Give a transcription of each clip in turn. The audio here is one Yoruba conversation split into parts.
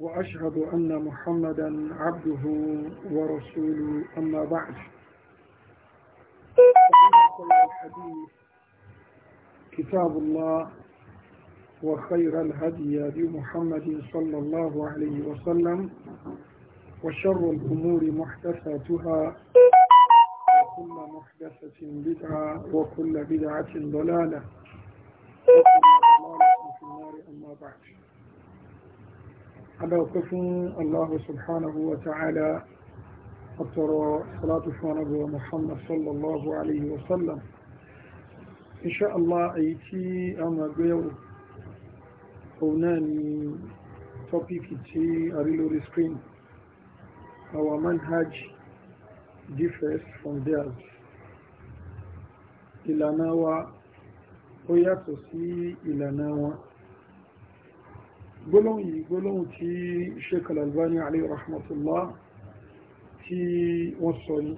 وأشهد أن محمدا عبده ورسوله أما بعد الحديث كتاب الله وخير الهدي بمحمد صلى الله عليه وسلم وشر الأمور محدثاتها وكل محدثة بدعة وكل بدعة ضلالة وكل ضلالة في النار أما بعد adáwọ̀pẹ́ fún Allahu subhanahu wa ta'ala àtọ̀rọ̀ salatu fún ọ̀nàbọ̀ Muhammad sallallahu alayhi wa sallam insha Allah èyí tí a máa gbéyàwó òun náà ni tọ́píkì tí a rí lórí screen our manhaj differs from theirs ìlànà wa ó yàtọ̀ sí ìlànà wọn gbólóhùn yìí gbólóhùn tí Sheikh Al-Albani alayhi rahmatullah tí wọ́n sọ ní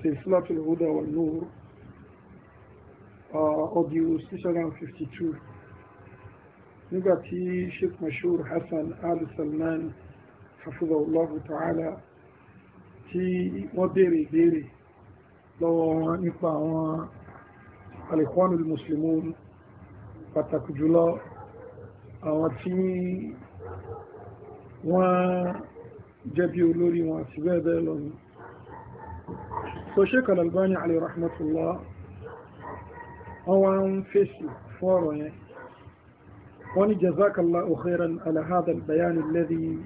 Silsilatul Huda 652 uh, nígbàtí Sheikh Mashur Hassan al-Salman hafizahullahu ta'ala tí wọ́n béèrè ìbéèrè lọ́wọ́ nípa àwọn الإخوان المسلمون فتكجلا أواتي و جبي ولوري و سبادل فشيك الألباني عليه رحمة الله هو فيسي فورو واني جزاك الله خيرا على هذا البيان الذي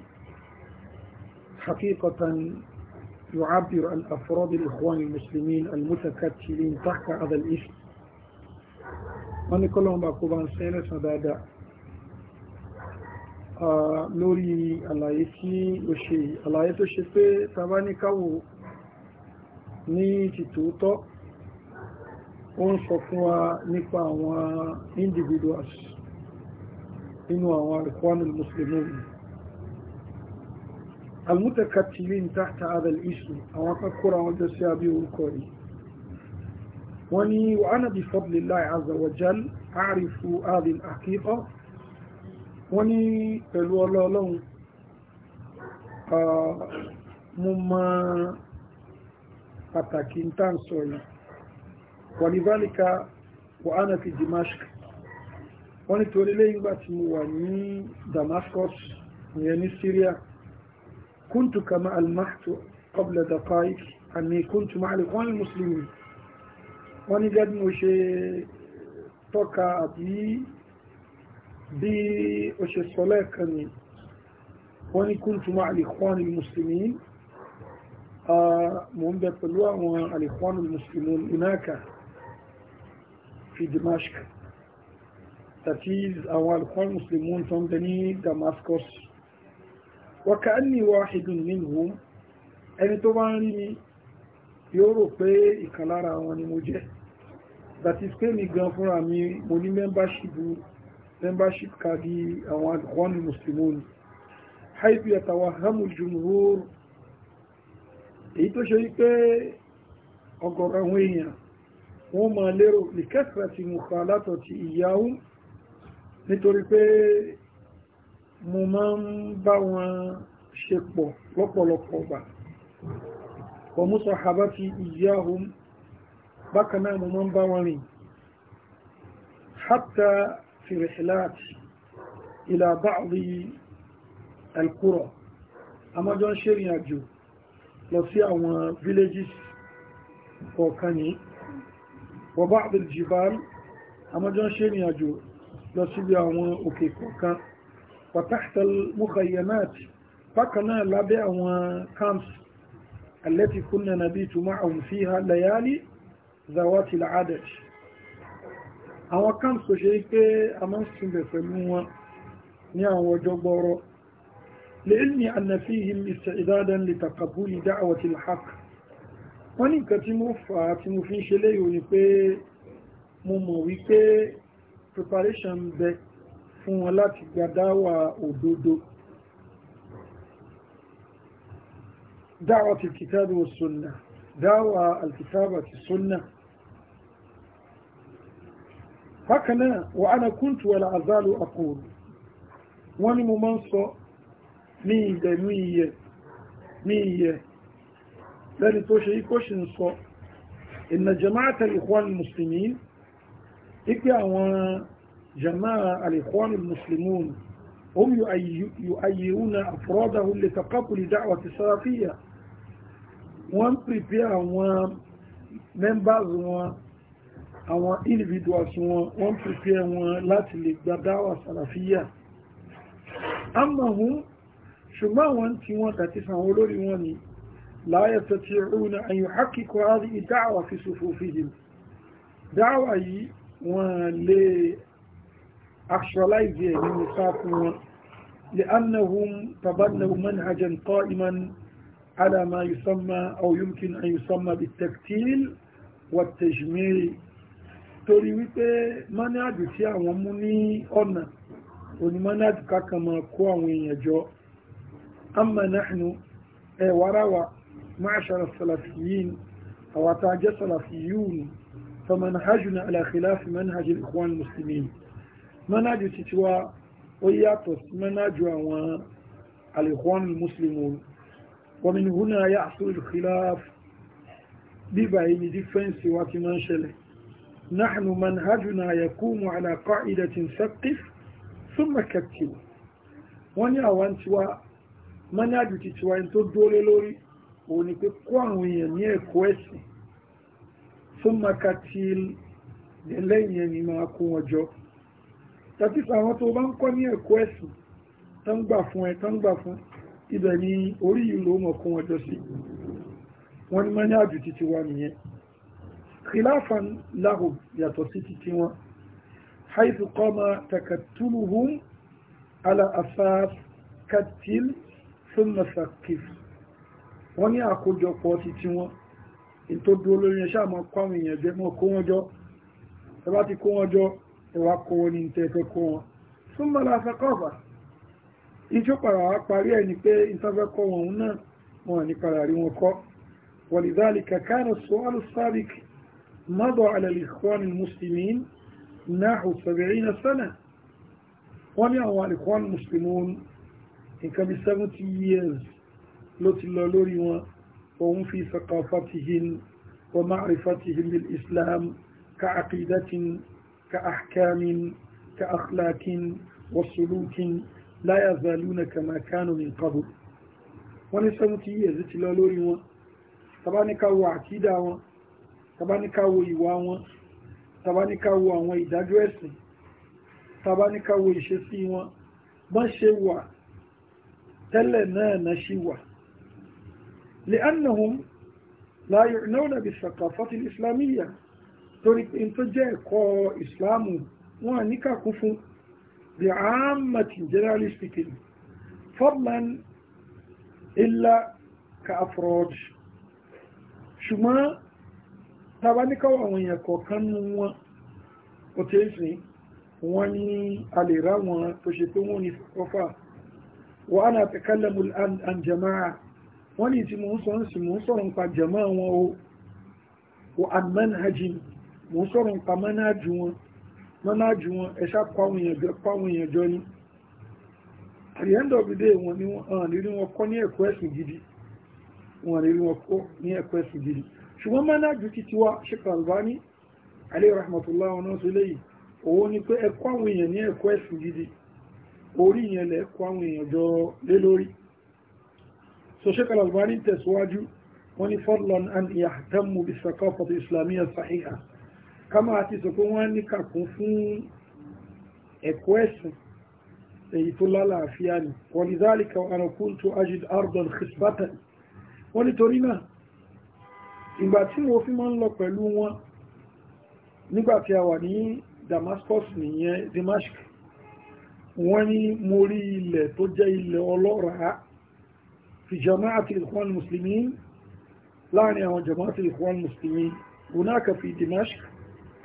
حقيقة يعبر عن أفراد الإخوان المسلمين المتكتلين تحت هذا الاسم wọ́n ní kọ́lọ́wọ́n bá kó bá ń sẹ́yìn lẹ́sàn dáadáa lórí àlàyé tí ó ṣe àlàyé tó ṣe pé tàbá ní káwò ní tìtòótọ́ ó ń sọ fún wa nípa àwọn individuals nínú àwọn Ikhwanul Muslimin almutakatirin tahta hadha al-ism àwọn akọ́kọ́ra wọn jọ sí abí orúkọ yìí وني وأنا بفضل الله عز وجل أعرف هذه الحقيقة وني الولا لون مما أتاكين سوي ولذلك وأنا في دمشق وني تولي لي واني دمشق يعني سوريا كنت كما ألمحت قبل دقائق أني كنت مع الإخوان المسلمين wọ́n ní gẹ́gẹ́ bí mo ṣe tọ́ka àbí bí o ṣe sọ lẹ́ẹ̀kan ni wọ́n ní kuntu ma'a al-ikhwan al-muslimin mo ń bẹ pẹ̀lú àwọn al-ikhwan al-muslimin hunaka fi Dimashq that is àwọn al-ikhwan tó ń bẹ ní Damascus wa ka'anni wahidun minhum ẹni tó bá ń rí mi yóò rò pé ìkan wọn ni mo jẹ́ that is pé mi gan fúnra mi mo ní membership membership kàdí àwọn àgbọ̀nù mùsùlùmí haibu yàtàwà hamul jumhur èyí tó ṣe wípé ọ̀gọ̀rọ̀ àwọn èèyàn wọ́n máa lérò lè kẹsìrẹ̀ ti mú kà látọ̀ ti ìyáwó nítorí pé mo máa ń bá wọn ṣe pọ̀ lọ́pọ̀lọpọ̀ ọgbà ọmú sọ̀hábá ti ìyáhùn بكنا ممن باوني حتى في رحلات إلى بعض القرى أما جون شيري أجو لو سي أون فيليجيس كوكاني وبعض الجبال أما جون شيري أجو لو سي أوكي كوكا وتحت المخيمات فكنا لابي أون كامس التي كنا نبيت معهم فيها ليالي zawati al-adad àwọn camps tó ṣe pé a máa ń súnbẹ̀ pẹ̀lú wọn ní àwọn ọjọ́ gbọ́rọ̀ lẹ́yìn anna fihim isti'dadan li taqabbul da'wati al-haq wọ́n ní nǹkan mo fà á mo fi ń ṣe léyò ni pé mo mọ̀ wípé preparation bẹ fún wọn láti gbadáwà òdodo da'wati al-kitab wa sunnah da'wa al هكنا وأنا كنت ولا أزال أقول وأنا ممنصة ميدة مية مية لأني توشي كوش نصو إن جماعة الإخوان المسلمين إكي أوان جماعة الإخوان المسلمون هم يؤيئون افرادهم لتقبل دعوة السلفية وأن بريبيا وأن ممبرز وأن àwọn individuals wọn wọ́n prepare wọn láti lè gba dáwà sàràfíyà amahun ṣùgbọ́n àwọn tí wọ́n kàtí sàwọn olórí wọn ni láyẹ̀ tó ti rú na àyù hákìkọ́ àrí ìdáwà fi ṣòfò fìhìm dáwà yìí wọ́n lè actualize ẹ̀ nínú sáfún wọn لأنهم تبنوا منهجا قائما على ما يسمى أو يمكن أن يسمى بالتكتيل والتجميل torí wípé mọ́náàdì tí àwọn mú ní ọ̀nà òní mọ́náàdì kákan máa kó àwọn èèyàn jọ amma nahnu ẹ̀wáráwà ma'ashara salafiyin àwàtà jẹ́ salafiyun famanhajuna ala khilafi manhaj ikhwan muslimin mọ́náàdì ti tiwa ó yàtọ̀ sí mọ́náàdì àwọn al-ikhwan muslimun wa min huna ya'sul khilaf bíbáyé ni dífẹ́ǹsì wa ti máa ń ṣẹlẹ̀ نحن منهجنا يقوم على قاعدة ثقف ثم كتب wọ́n ní àwọn tiwa mọ́nájú ti tiwa ẹni tó dóolé lórí òun ni pé kó àwọn èèyàn ní ẹ̀kọ́ ẹ̀sìn fún makati lẹ́yìn ẹni máa kó wọn jọ tàbí àwọn tó bá ń kọ́ ní ẹ̀kọ́ ẹ̀sìn tó ń gbà fún ẹ tó ń gbà fún ibẹ̀ ni orí ìlú ọmọ kó wọn jọ sí wọ́n ní mọ́nájú ti tiwa nìyẹn khilafan lahum yàtọ̀ sí títí wọn haifu kọ́mọ takatuluhum ala asaf katil thumma sakif wọ́n ní àkójọpọ̀ títí wọn in tó dúró lórí ẹṣẹ́ àmọ́ kọ́ àwọn èèyàn jẹ́ mọ́ kó wọn jọ ẹ bá ti kó wọn jọ ẹ wá kó wọn ní tẹ́ẹ̀fẹ́ kó wọn thumma la saqafa iṣẹ́ padà wá parí ẹni pé ìtafẹ́ kọ́ wọn náà wọn ní padà rí wọn kọ́ walidhalika kana as-su'al as-sabiq مضى على الإخوان المسلمين نحو سبعين سنة ونعوى الإخوان المسلمون إن كان 70 years لوتي لوريوا وهم في ثقافتهم ومعرفتهم بالإسلام كعقيدة كأحكام كأخلاق وسلوك لا يزالون كما كانوا من قبل ونسمتي يزت لوريوا طبعا كوا عقيدة tabaníkàwò ìwà wọn tabaníkàwò àwọn ìdájọ́ ẹ̀sìn tabaníkàwò ìṣesí wọn bọ́n ṣe wà tẹ́lẹ̀ náà na ṣe wà li'annahum la yu'nawna bi thaqafati al-islamiyya torí pé tó jẹ́ ẹ̀kọ́ ìsìláàmù wọn níkàkún fún bí àmàtì generally speaking fọ́bùlán illa ka afrod ṣùgbọ́n tàbá ní káwọ àwọn èèyàn kọ̀ọ̀kan nú wọn ó tẹ́ sí wọ́n ní a lè rá wọn tó ṣe pé wọ́n ní ọfà wọ́n á náà tẹ́kálẹ̀ mú àjẹmáà wọ́n ní tí mò ń sọ̀rọ̀ sí mò ń sọ̀rọ̀ nípa jẹ̀máà wọn o wọ́n àmánhajì mò ń sọ̀rọ̀ nípa mánájú wọn mánájú wọn ẹ̀ṣá pàwọn èèyàn jọ ní at the end of the day wọn ni wọn kọ́ ní ẹ̀kọ́ ẹ̀sìn gidi wọn nírí wọn kọ́ ní ẹ̀kọ́ ẹ̀sìn gidi ṣùgbọ́n mẹ́nájú ti tiwa ṣíkà albani alẹ́ rahmatullah ọ̀nà sílẹ̀ yìí owó ní pé ẹkọ́ àwọn èèyàn ní ẹ̀kọ́ ẹ̀sìn gidi orí ìyẹn lẹ ẹkọ́ àwọn èèyàn jọ lé lórí so ṣíkà albani tẹ̀síwájú wọ́n ní fadlan an yahtammu bi sakafati islamiyya sahiha kama àti sọ pé wọ́n ní kàkún fún ẹ̀kọ́ ẹ̀sìn èyí tó lálàáfíà ni wọ́n ní zálìkà náà ìgbà tí mo fi máa ń lọ pẹ̀lú wọn nígbàtí a wà ní Damascus nìyẹn Dimashq wọ́n ní mo rí ilẹ̀ tó jẹ́ ilẹ̀ ọlọ́ràá fi jama'ati ikhwan muslimin láàrin àwọn jama'ati ikhwan muslimin hunaka fi Dimashq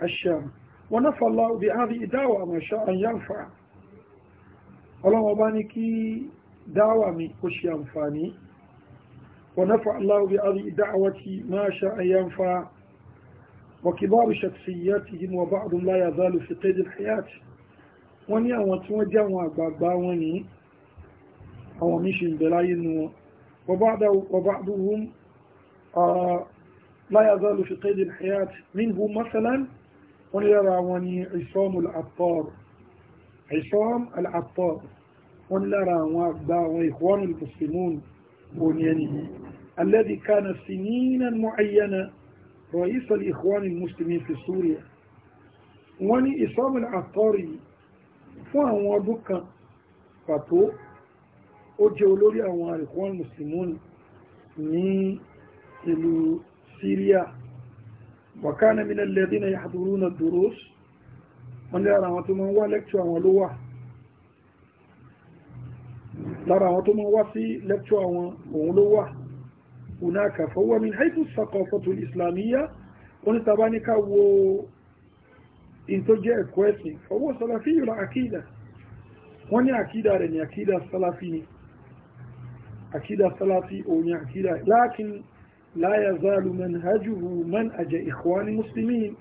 asham wa nafa Allahu bi hadhihi da'wa ma sha'a an yanfa ọlọ́wọ́ bá ní kí dáwà mi kó ṣe àǹfààní ونفع الله بأذي دعوتي ما شاء ينفع وكبار شخصياتهم وبعض لا يزال في قيد الحياة وني ní àwọn tí wọ́n jẹ́ àwọn àgbààgbà wọn ní وبعضهم آه، لا يزال في قيد الحياة منهم مثلا ونرى yára عصام العطار عصام العطار ونرى lára àwọn إخوان المسلمون بنيانه الذي كان سنينا معينة رئيس الإخوان المسلمين في سوريا وني إصاب العطاري فهو بكا فتو أجولوا جولوري أوان الإخوان المسلمون من سوريا وكان من الذين يحضرون الدروس من يرى ما تمنوا ولوه lára àwọn tó máa wá sí lẹ́kṣọ́ àwọn òun ló wà hunaka fọwọ́ min haitu saqafatul islamiyya onítàbá ní ká wo in tó jẹ́ ẹ̀kọ́ ẹ̀sìn fọwọ́ salafi yìí akídà wọ́n ní akídà rẹ̀ ní akídà salafi ni akídà salafi òun ni akídà lakin la yazalu manhajuhu manhaja ikhwani muslimin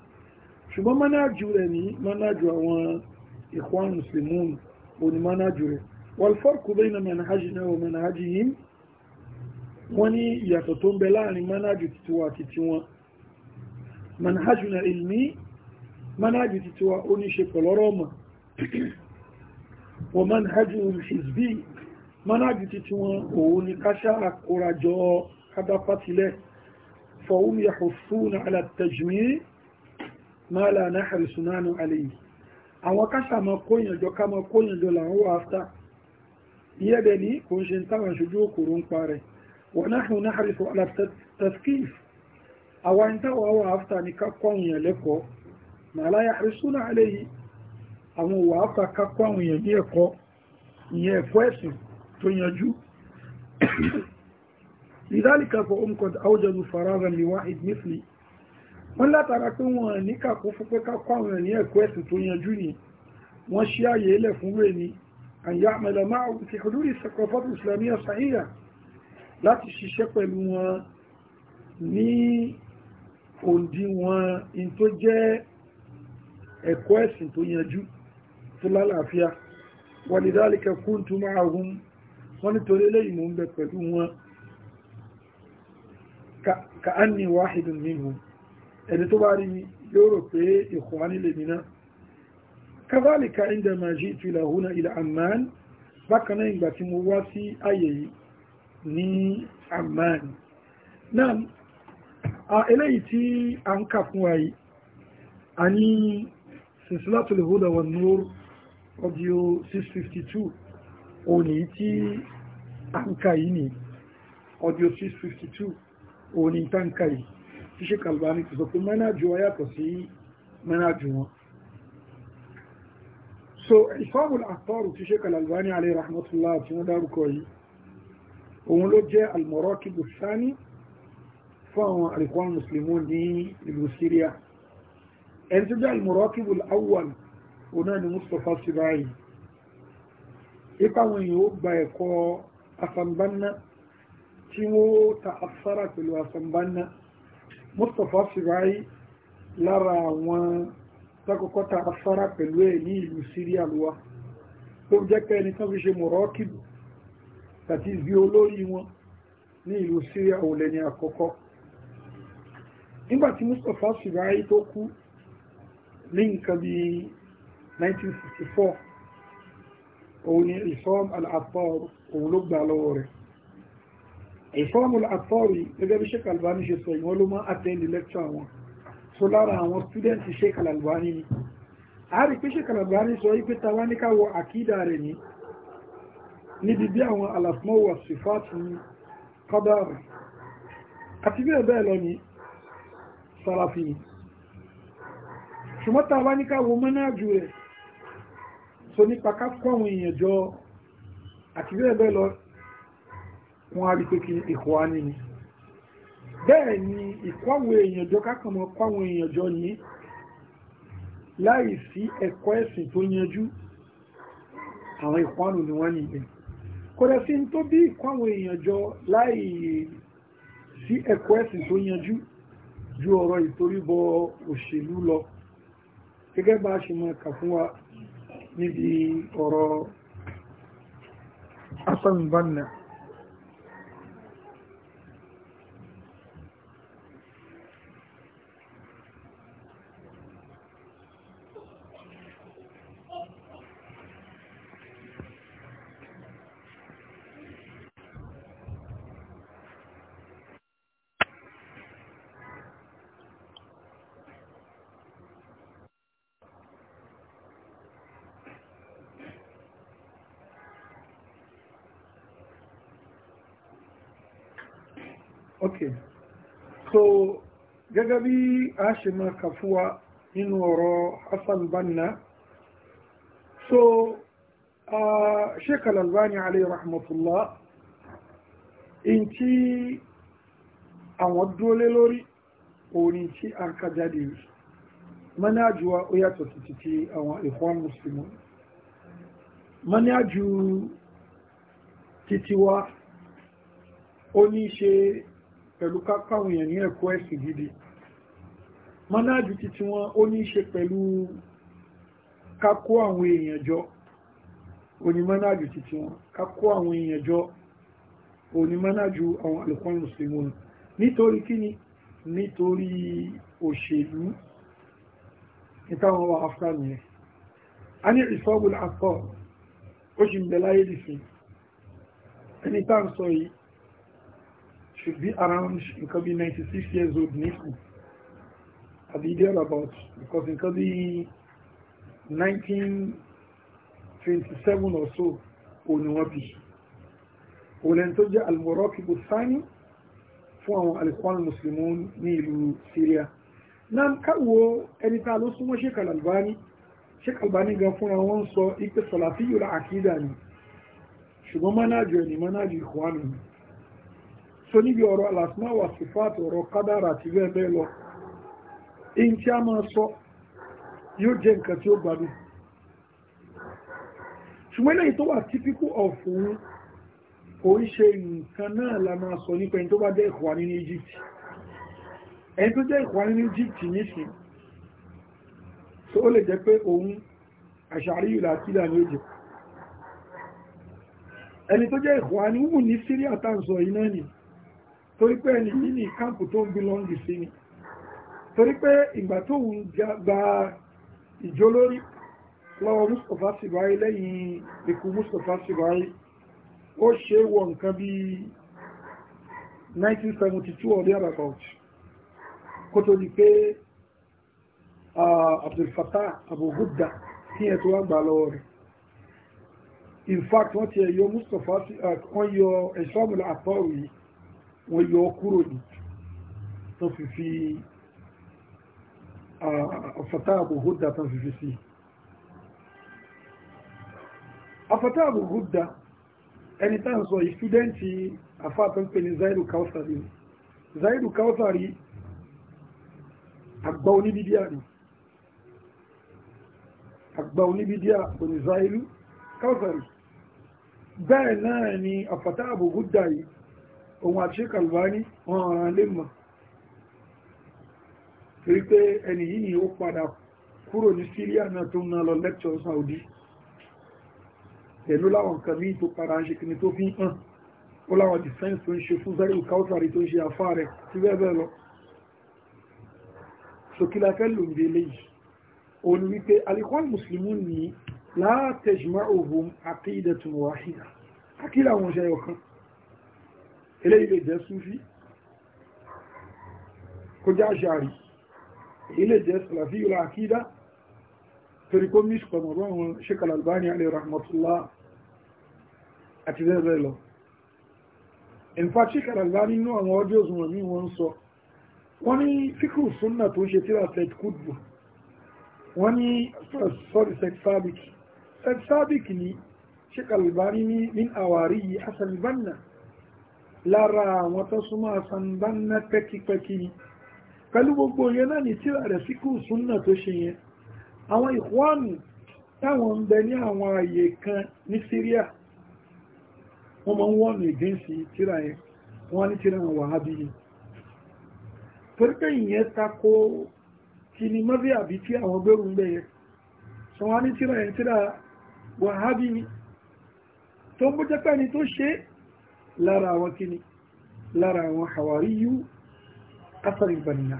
ṣùgbọ́n manájú rẹ̀ ní manájú àwọn ikhwan muslimun òun ni manájú rẹ̀ والفرق بين منهجنا ومنهجهم وني يتطم بلان منهج تتواتي تتوا منهجنا علمي منهج تتوا أوني شكل روما ومنهجهم حزبي منهج تتوا أوني كشا كراجو كدا فتلة فهم يحصون على التجميع ما لا نحرس نحن عليه أو كشا ما كون يجو كما كون يجو لهو after ìyẹ́dẹ̀ ní kò ń ṣe táwọn ṣojú òkòrò ń parẹ̀ wọ́n náà hùn náà hàrífọ́ alàtàkìf àwọn ìtawọ̀ àwọn àfta ní kákọ́ àwọn èèyàn lẹ́kọ̀ọ́ màálá ya hàrísú náà alẹ́ yìí àwọn òwò àfta kákọ́ àwọn èèyàn ní ẹ̀kọ́ ìyẹn ẹ̀kọ́ ẹ̀sìn tó yanjú lidálìkà fọ́ omkọ̀d àwùjọ́nu faraza ní wáhid mithli wọ́n látara pé wọ́n ní kàkó fún pé kákọ́ àwọn èèyàn ní ẹ̀kọ́ ẹ̀sìn tó yanjú ni wọ́n ṣí àyè ilẹ̀ fún rẹ̀ ni أن يعمل معه في حدود الثقافات الإسلامية الصحية لا تشيشك بالموا ni òǹdíwọ̀n in tó jẹ́ ẹ̀kọ́ ẹ̀sìn tó yanjú tó lálàáfíà wà ní dálíkà kún tó máa hun wọ́n nítorí lẹ́yìn mú ń bẹ pẹ̀lú wọn ka an ni wáhidun nínú ẹni tó bá rí yóò rò pé ìkùnwá mìíràn kazalika indama ji'tu ila huna ila amman bákan náà ìgbà tí mo wá sí ayé yìí ní amman náà eléyìí tí a ń kà fún wa yìí a ní silsilatul huda wan nur audio 652 òní tí a ń kà yìí ní audio 652 òní tá ń kà yìí tí ṣe kalbani ti sọ pé mẹ́nà jù wáyàtọ̀ sí mẹ́nà jù wọn so ìsọ́bùn àtọ́rù tí Sheikh Al-Albani alayhi rahmatullah tí wọ́n dárúkọ yìí òun ló jẹ́ al-murakibu thani fún àwọn Ikhwan Muslimun ní ìlú Syria ẹni tó jẹ́ al-murakibu al-awwal òun náà ni Mustapha Sibai ipa àwọn èèyàn ó gba ẹ̀kọ́ asambanna tí wọ́n ta afára pẹ̀lú asambanna Mustapha Sibai lára àwọn tákọ̀kọ́ ta afárá pẹ̀lú ẹ̀ ní ìlú Syria lọ́wọ́ tó jẹ́ pé ẹni tán fi ṣe mọ̀rọ́kìlù àti ibi olórí wọn ní ìlú Syria òun lẹ́ni àkọ́kọ́ nígbàtí Mustapha Sibai tó kú ní nǹkan bí 1964 òun ni Isam al-Attar òun ló gbà lọ́wọ́ rẹ̀ Isam al-Attar gẹ́gẹ́ bí Sheikh Albani ṣe sọ ìwọ́n ló máa attend lecture wọn so lára àwọn students Sheikh Al-Albani ni a rí pé Sheikh Al-Albani sọ wípé tàwa ní káwọ àkídà rẹ̀ ní níbi bí àwọn alasmọ́wà sífàtì ní kọ́bàrì àti bí ẹ̀bẹ́ lọ ní sàràfì ní ṣùgbọ́n tàwa ní káwọ mọ́nájú rẹ̀ so nípa ká kọ́ bẹ́ẹ̀ ni ìkọ́wọ̀ èèyàn jọ kákàmọ́ kọ́wọ̀ èèyàn jọ ní láì sí ẹ̀kọ́ ẹ̀sìn tó yanjú àwọn ìpánu ni wọ́n ní ibẹ̀ kódà sí tó bí ìkọ́wọ̀ èèyàn jọ láì sí ẹ̀kọ́ ẹ̀sìn tó yanjú ju ọ̀rọ̀ ìtoríbọ òṣèlú lọ gẹ́gẹ́ bá a ṣe máa kà fún wa níbi ọ̀rọ̀ asọ̀nbánà gẹ́gẹ́ bí a ṣe máa kà fún wa nínú ọ̀rọ̀ Hassan Banna so uh, Sheikh Al-Albani alayhi rahmatullah in tí àwọn dúólé lórí orin tí a ń kájáde yìí manájú wa yàtọ̀ títí àwọn Ikhwan Muslimun manájú títí wa ó ní ṣe pẹ̀lú kápáwọn èèyàn ní ẹ̀kọ́ ẹ̀sìn gidi manájú ti tí wọ́n ó ní ṣe pẹ̀lú kákó àwọn èèyàn jọ òní manájú ti tí wọ́n kákó àwọn èèyàn jọ òní manájú àwọn alùpàá mùsùlùmí nítorí kíni nítorí òṣèlú ìtàwọn wa afghan yẹn a ní ìsọ́bùl àpọ̀ ó ṣì ń bẹ láyé nìsín ẹni tá à ń sọ yìí should around nǹkan bí 96 years old nìsín idea about because in bí 1927 or so òní wọ́n bí òlẹ́n tó jẹ́ al-murakibu thani fún àwọn al-ikhwan muslimun ní ìlú syria náà káwo ẹni tá ló súnmọ́ sheik al-albani sheik al-albani gan fúnra wọn sọ ipe salafiyul àkídà ni ṣùgbọ́n manájú ẹni manájú ikhwan ni so níbi ọ̀rọ̀ al-asma wa sifat ọ̀rọ̀ kádàrà àti bẹ́ẹ̀ bẹ́ẹ̀ lọ in tí a máa sọ yóò jẹ́ nǹkan tí ó gbádùn ṣùgbọ́n lẹ́yìn tó wà typical of òun kò ṣe nǹkan náà la máa sọ nípa ẹni tó bá jẹ́ ìkọ̀wà nínú Egypt ẹni tó jẹ́ ìkọ̀wà nínú Egypt nísìn tó ó lè jẹ́ pé òun àṣàrí ìlàkílà ní Egypt ẹni tó jẹ́ ìkọ̀wà ní wù ní Syria tàǹsọ̀ yìí náà ni torí pé ẹni yìí ní káàpù tó ń bí lọ́ngì sí ni torí pé ìgbà tó wù gba ìjó lórí lọ́wọ́ Mustapha Sibai lẹ́yìn ikú Mustapha Sibai ó ṣe wọ nǹkan bí 1972 or thereabout kó tó di pé Abdul Fattah kí ẹ̀ tó wá gbà lọ́wọ́ rẹ̀ in fact wọ́n ti ẹ̀yọ Mustapha wọ́n yọ ẹ̀ṣọ́mùlà àtọ́rù yìí wọ́n yọ kúrò ní tó fi fi àfàtàbù húdà tán fi fi sí àfàtàbù húdà ẹni tá ń sọ yìí stúdẹ́ǹtì afáàtàn pé ní zaidu kawsari zaidu kawsari àgbà oníbídíà ni àgbà oníbídíà òní zaidu kawsari bẹ́ẹ̀ náà ni àfàtàbù húdà yìí òun àti Sheikh Albani wọn ràn lè mọ̀ torí pé ẹni yìí ni ó padà kúrò ní Syria náà tó ń ná lọ lecture Saudi pẹ̀lú láwọn nǹkan míì tó padà ń ṣe kìíní tó fi ń hàn ó láwọn defense tó ń ṣe fún zari kautari tó ń ṣe afá rẹ̀ tí bẹ́ẹ̀ bẹ́ẹ̀ lọ sókílá fẹ́ ló ń délé yìí ó ní wípé alikwal muslimun ní la tajma'uhum aqidatun wahida akílà wọn ṣe ọ̀kan eléyìí lè jẹ́ súfí kó jẹ́ àṣàrí ilé jẹ́ sàlàfíyùlá àkídá torí kó mí ṣùpọ̀mọ̀ bá wọn Sheikh Al-Albani alayhi rahmatullah àti bẹ́ẹ̀ lọ in fact Sheikh Al-Albani inú àwọn audios wọn ní wọ́n sọ wọ́n ní fíkù súnnà tó ń ṣe tíra sẹ́t kúdùbù wọ́n ní sọ́rí sẹ́t sábìk lára àwọn tó súnmọ́ Hasan Banna pẹ̀lú gbogbo yẹn náà ní tíra rẹ̀ sí kú súnà tó ṣe yẹn àwọn ìkwánù táwọn ń bẹ ní àwọn ààyè kan ní Syria wọ́n máa ń wọ́nù ìgbésí tíra yẹn wọ́n ní tíra àwọn wàhábí yìí torí pé ìyẹn tako kí ni mọ́bí àbí tí àwọn gbèrú ń bẹ yẹn sọ wọ́n ní tíra yẹn tíra wàhábí ni tó ń bó pẹ́ni tó ṣe lára àwọn kíni lára àwọn hàwárí yìí asari banina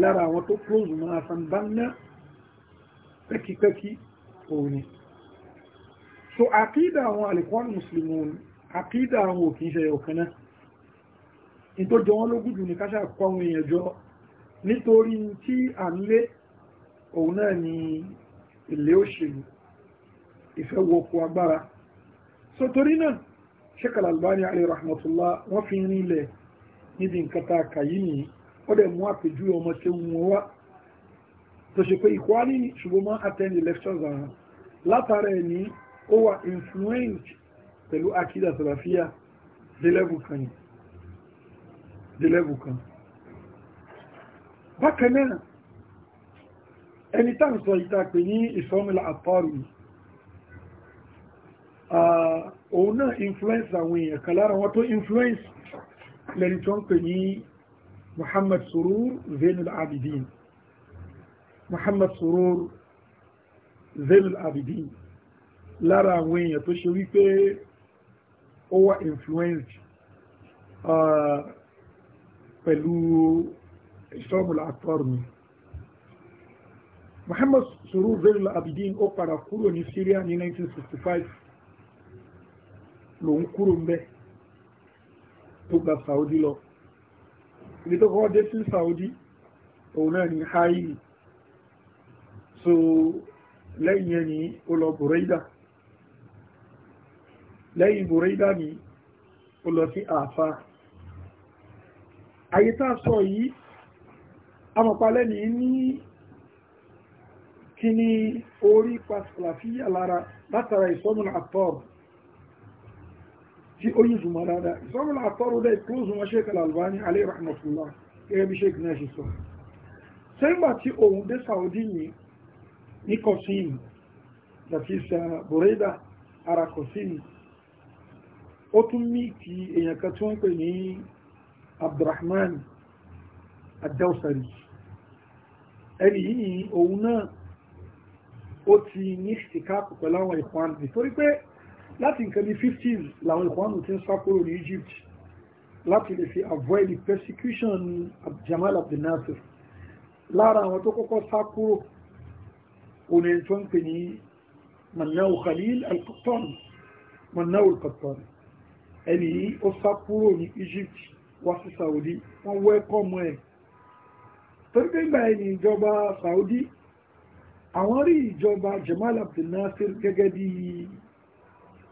lára àwọn tó close mọ́ asan banna pẹ́kipẹ́ki òun ni so àkídà àwọn alikwani muslimun àkídà àwọn òkè ṣe ọ̀kan náà in tó jọ wọ́n lógún jù ní káṣà kọ àwọn èèyàn jọ nítorí tí à ń lé òun náà ni ilé òṣèlú ìfẹ́ wọ̀pọ̀ agbára so torí náà Sheikh al alayhi rahmatullah wọ́n fi rin ilẹ̀ níbi nǹkan tá a kà yìí nìyí ó dẹ̀ mú àpèjúwe ọmọ tí ń wọ́n wá tó ṣe pé ìkọ́ ní ṣùgbọ́n máa attend the lectures àwọn látara ẹ̀ ní ó wà influenced pẹ̀lú akida sàlàfíà délẹ́bù kan yìí délẹ́bù kan bákan náà ẹni tá ń sọ ìta pè ní ìsọmìlà àtọ́rù òun náà influence àwọn èèyàn kan lára wọn tó influence lẹ́ni tó ń pè ní Muhammad Surur Zainul Abidin Muhammad Surur Zainul Abidin lára àwọn èèyàn tó ṣe wípé ó wà influenced uh, pẹ̀lú ìṣọ́mùlà àtọ́rùn-ún Surur Zainul Abidin ó padà kúrò ní Syria ní 1965 lòun kúrò ń tó gba Saudi lọ ibi tó kọ́kọ́ dé sí Saudi òun náà ní haini so lẹ́yìn yẹn ni ó lọ Buraida lẹ́yìn Buraida ni ó lọ sí àfá ayé tá a sọ yìí amọ̀pálẹ́ ní ní kí ni orí pàṣẹ láfíyà lára látara ìsọ́nù àtọ́rù tí ó yìí jùmọ̀ dáadáa ìsọ́mùlà àtọ́rù dẹ́ ìkúrúzù wọn ṣe kàlà albani alẹ́ rahmatulá gẹ́gẹ́ bí ṣe gìnà ṣe sọ sẹ́gbà tí òun dé saudi yìí ní kọsíìnì that is boreda ara kọsíìnì ó tún mí ti èèyàn kan tí wọ́n pè ní abdulrahman adelsari ẹni yìí òun náà ó ti ní ìsìkáàpù pẹ̀lú àwọn ìpanu nítorí pé láti nǹkan bí 50s làwọn ìkwánu ti ń sá kúrò ní Egypt láti lè fi avoid the persecution of Jamal Abdel Nasir. lára àwọn tó kọ́kọ́ sá kúrò òní tó ń pè ní Mannaw Khalil al-Qattan Mannaw al-Qattan ẹni ó sá kúrò ní Egypt wá sí Saudi wọ́n wẹ́kọ̀mù ẹ̀ torí pé ìgbà ẹni ìjọba Saudi àwọn rí ìjọba Jamal Abdel Nasir, gẹ́gẹ́ bíi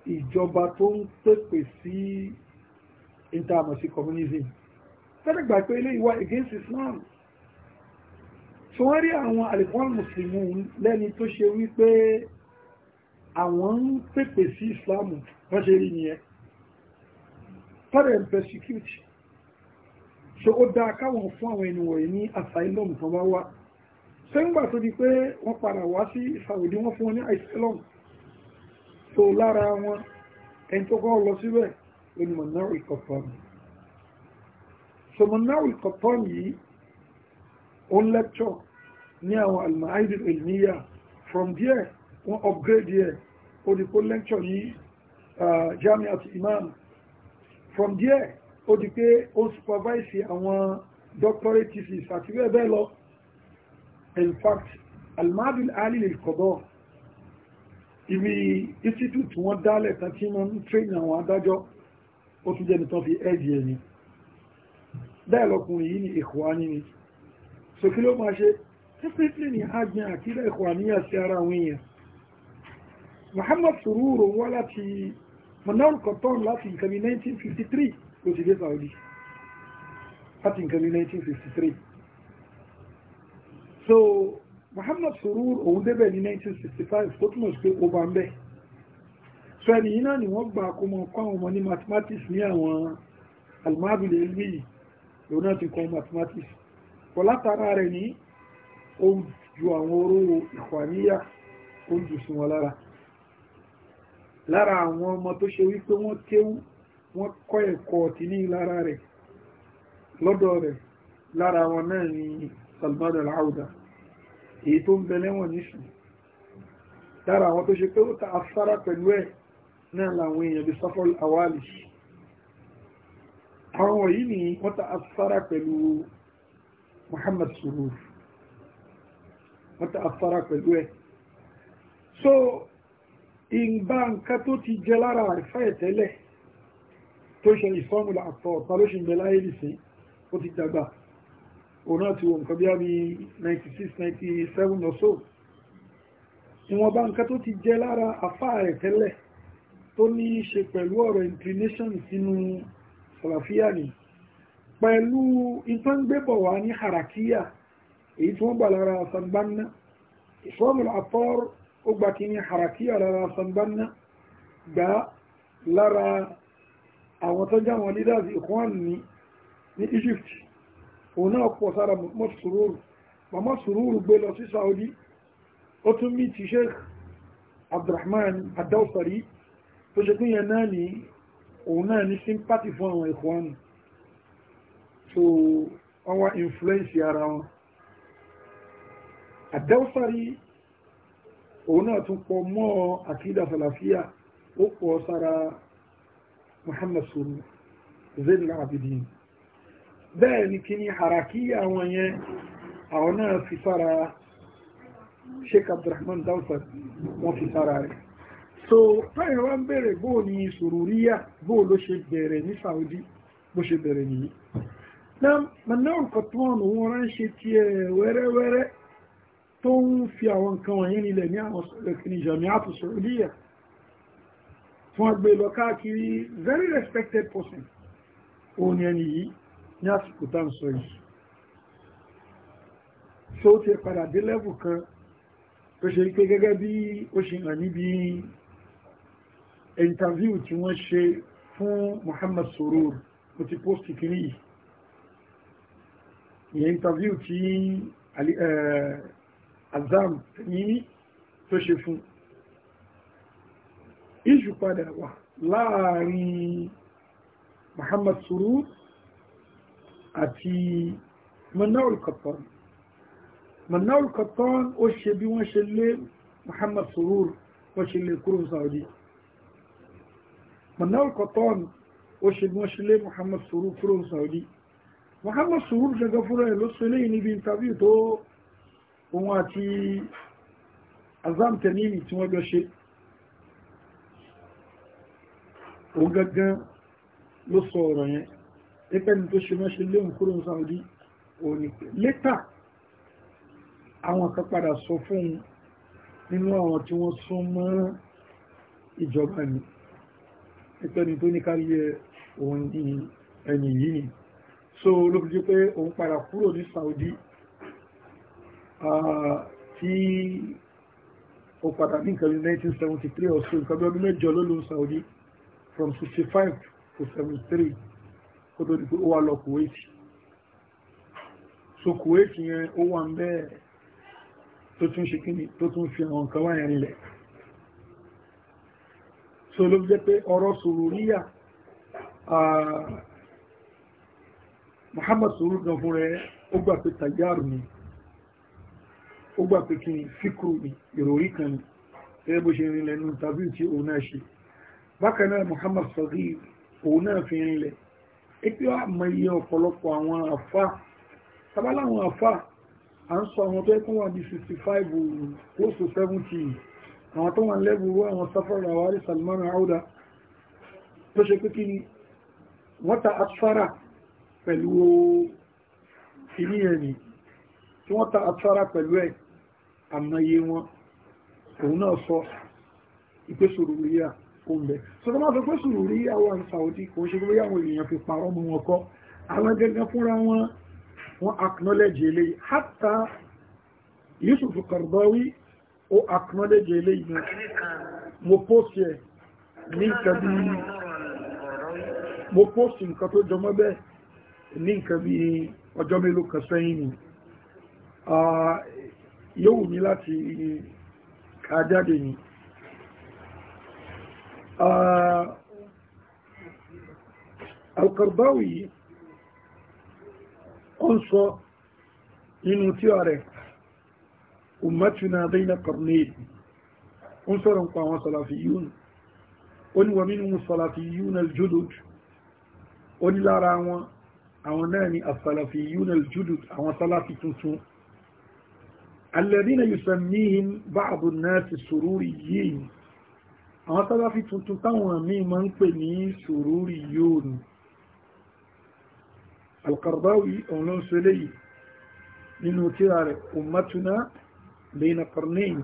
ìjọba tó ń pèpè sí intermọ̀ sí communism fẹ́rẹ̀ gbà pé ilé ìwà against Islam tí wọ́n rí àwọn àlìkọ́n mùsùlùmí lẹ́ni tó ṣe wípé àwọn ń pèpè sí Islam wọ́n ṣe rí nìyẹn fẹ́rẹ̀ ń persecute so ó dáa káwọn fún àwọn ẹni wọ̀nyí ní asylum tó bá wá sẹ́ńgbà tó di pé wọ́n padà wá sí Saudi wọ́n fún wọn ní asylum so lára wọn ẹni tó kọ́ lọ síbẹ̀ onímọ̀náwó ìkọ̀tọ́ ni sọmọ̀náwó ìkọ̀tọ́ yìí ó ń lẹ́kṣọ̀ ní àwọn almahaidin ilmiya from there wọ́n upgrade there ó di pé lẹ́kṣọ̀ ní jamiat imam from there ó di pé ó supervise àwọn doctorate thesis àti bẹ́ẹ̀ bẹ́ẹ̀ lọ in fact almahaidin alil ìkọ̀tọ́ ibi institute wọ́n dálẹ̀ tán tí wọ́n ń train àwọn adájọ́ ó tún jẹ́ nìtàn fi ẹ́ẹ̀dì ẹ̀yìn bẹ́ẹ̀ lọkùnrin yìí ni ìkùwání ni so kí ló máa ṣe definitely ni agbin àkílẹ̀ ìkùwàníyà sí ara àwọn èèyàn Muhammad Sururu wọ́n láti Manar Cotton láti nǹkan bí 1953 ló ti dé Saudi láti nǹkan 1953 so Muhammad Surur òun débẹ̀ ní 1965 tó túnmọ̀ sí pé ó bá ń bẹ̀ sọ ẹni yìí náà ni wọ́n gba kó mọ kọ́ àwọn ọmọ ní mathematics ní àwọn almabile ilmi yìí lòun náà ti kọ́ mathematics kọ́ látara rẹ̀ ní ó ń ju àwọn oró ìkwàníyà ó jù sí wọn lára lára àwọn ọmọ tó ṣe wípé wọ́n kéwú wọ́n kọ́ ẹ̀kọ́ ti ní lára rẹ̀ lọ́dọ̀ rẹ̀ lára wọn náà ni Salman al-Auda èyí tó ń bẹ lẹ́wọ̀n nísìn dára àwọn tó ṣe pé ó ta afárá pẹ̀lú ẹ̀ náà làwọn èèyàn bí safol awali àwọn wọ̀nyí ni wọ́n ta afárá pẹ̀lú Muhammad Surur wọ́n ta afárá pẹ̀lú ẹ̀ so ìgbà nǹkan tó ti jẹ lára àrífà ẹ̀tẹ́lẹ̀ tó ṣe ìfọ́mùlà àtọ̀ ọ̀tá ló ṣe ń bẹ láyé nìsín ó ti dàgbà òun náà ti wọ nǹkan bí i 96 97 or so ìwọ̀nba nǹkan tó ti jẹ́ lára afá rẹ̀ tẹ́lẹ̀ tó ní í ṣe pẹ̀lú ọ̀rọ̀ inclination sínú sàlàfíà ni pẹ̀lú ìtọ́ngbẹ́bọ̀ wá ní harakiya èyí tí wọ́n gbà lára sanbanna ìfọ́mùlù àtọ́r ó gbà kí ní harakiya lára sanbanna gbà lára àwọn tó jáwọn leaders ìkwan ní Egypt òun náà pọ̀ sára mọ́sùrúrù màmá sùrúrù gbé lọ sí Saudi ó tún mí ti Sheikh Abdulrahman Adawsari tó ṣe pín yẹn náà ní òun náà ní sympathy fún àwọn Ikhwan so wọ́n wá influence ara wọn Adawsari òun náà tún pọ̀ mọ́ àkídà fàlàfíà ó pọ̀ sára Muhammad Zainul Abidin bẹ́ẹ̀ ni kí ni harakiya àwọn yẹn àwọn náà fi sára sheik abdulrahman dawsa wọ́n fi sára rẹ̀ so táyà wá ń bèèrè bóò ni sùrùríyà bóò ló ṣe bẹ̀rẹ̀ ní saudi bó ṣe bẹ̀rẹ̀ nìyí na manáwó kọtùmọ́n òun ránṣẹ́ tiẹ̀ wẹ́rẹ́wẹ́rẹ́ tó ń fi àwọn nǹkan wọ̀nyí nílẹ̀ ní àwọn ìjàmíàtù sùrùríyà tí wọ́n gbé lọ káàkiri very respected person òun yẹn nìyí ní àsìkò tá à ń sọ yìí tó ti padà dé lẹ́bù kan tó ṣe pé gẹ́gẹ́ bí ó ṣe hàn níbi ìntàvíù tí wọ́n ṣe fún Muhammad Surur mo ti post kiri yìí ìyẹn ìntàvíù tí Azam yìí tó ṣe fún ìṣù padà wà láàrin Muhammad Surur àti manawul Qattan manawul Qattan ó ṣe bí wọ́n ṣe lé Muhammad Surur wọ́n ṣe lé kúrò Saudi manawul Qattan ó ṣe bí wọ́n ṣe lé Muhammad Surur kúrò Saudi Muhammad Surur gẹ́gẹ́ fúnra ẹ̀ ló sọ eléyìí níbi ìtàbí tó òun àti Azam Tamimi tí wọ́n jọ ṣe òun gangan ló sọ ọ̀rọ̀ yẹn nípẹ́ni tó ṣe mọ́ṣe léhùn kúrò ní Saudi òní létà àwọn kan padà sọ fún nínú àwọn tí wọ́n sún mọ́ ìjọba ni nípẹ́ni tó ní kárí òun ní ẹni yìí ni so ló fi jẹ́ pé òun padà kúrò ní Saudi tí ó padà ní nǹkan ní 1973 ọ̀sùn nǹkan bí ọdún mẹ́jọ ló lóun Saudi from 65 to 73 kó tó di pé ó wà lọ Kuwait so Kuwait yẹn ó wà ń bẹ́ẹ̀ tó tún ṣe kíni tó tún fi àwọn nǹkan wáyẹn nílẹ̀ so ló jẹ́ pé ọ̀rọ̀ Sururiya Muhammad Surur gan fún rẹ̀ ó gbà pé tajar ni ó gbà pé kíni fíkù ni ìròrí kan ni gẹ́gẹ́ bó ṣe rinlẹ̀ nù tàbí tí òun náà ṣe bákan náà Muhammad Saghir òun náà fi rinlẹ̀ ebi àmọ́ iye ọ̀pọ̀lọpọ̀ àwọn àfà tabalá àwọn àfà à ń sọ àwọn tó ẹkún wà ní 65 close to 70 àwọn tó wà lẹ́bù wọ́n àwọn sáfàrà àwárí Salman Auda tó ṣe pé kí ni wọ́n ta atfara pẹ̀lú ilé ẹni tí wọ́n ta atfara pẹ̀lú ẹ̀ àmọ́ iye wọn òun náà sọ ìpésòrò rí à kó ń bẹ sọ́kọ́ máa sọ pé sùúrù rí àwọn Saudi kò ń ṣe pé àwọn èèyàn fi parọ́ mọ́ wọn kọ́ àwọn gẹ́gẹ́ fúnra wọn wọ́n acknowledge eléyìí hatta Yusuf Qaradawi o acknowledge eléyìí náà mo post ẹ̀ ní nǹkan bí mo post nǹkan tó jọmọ́ bẹ́ẹ̀ ní nǹkan bí ọjọ́ mélòó kan sẹ́yìn ni ah, yóò wù mí láti kájáde ni alkarbawi ó ń sọ nínú tí ó rẹ̀ ummatuna bayna qarnayn ó ń sọ̀rọ̀ nǹkan àwọn salafiyun ó ní wa minhum salafiyun aljudud ó ní lára wọn àwọn náà ni as-salafiyun aljudud àwọn salafi tuntun alladhina yusammihim ba'du an-nas as-sururiyyin àwọn sáláfì tuntun táwọn míì máa ń pè ní sùúrì yóò nù alkarbawi ọ̀nà ṣe léyìí nínú tíra rẹ̀ ummatuna bayna qarnayn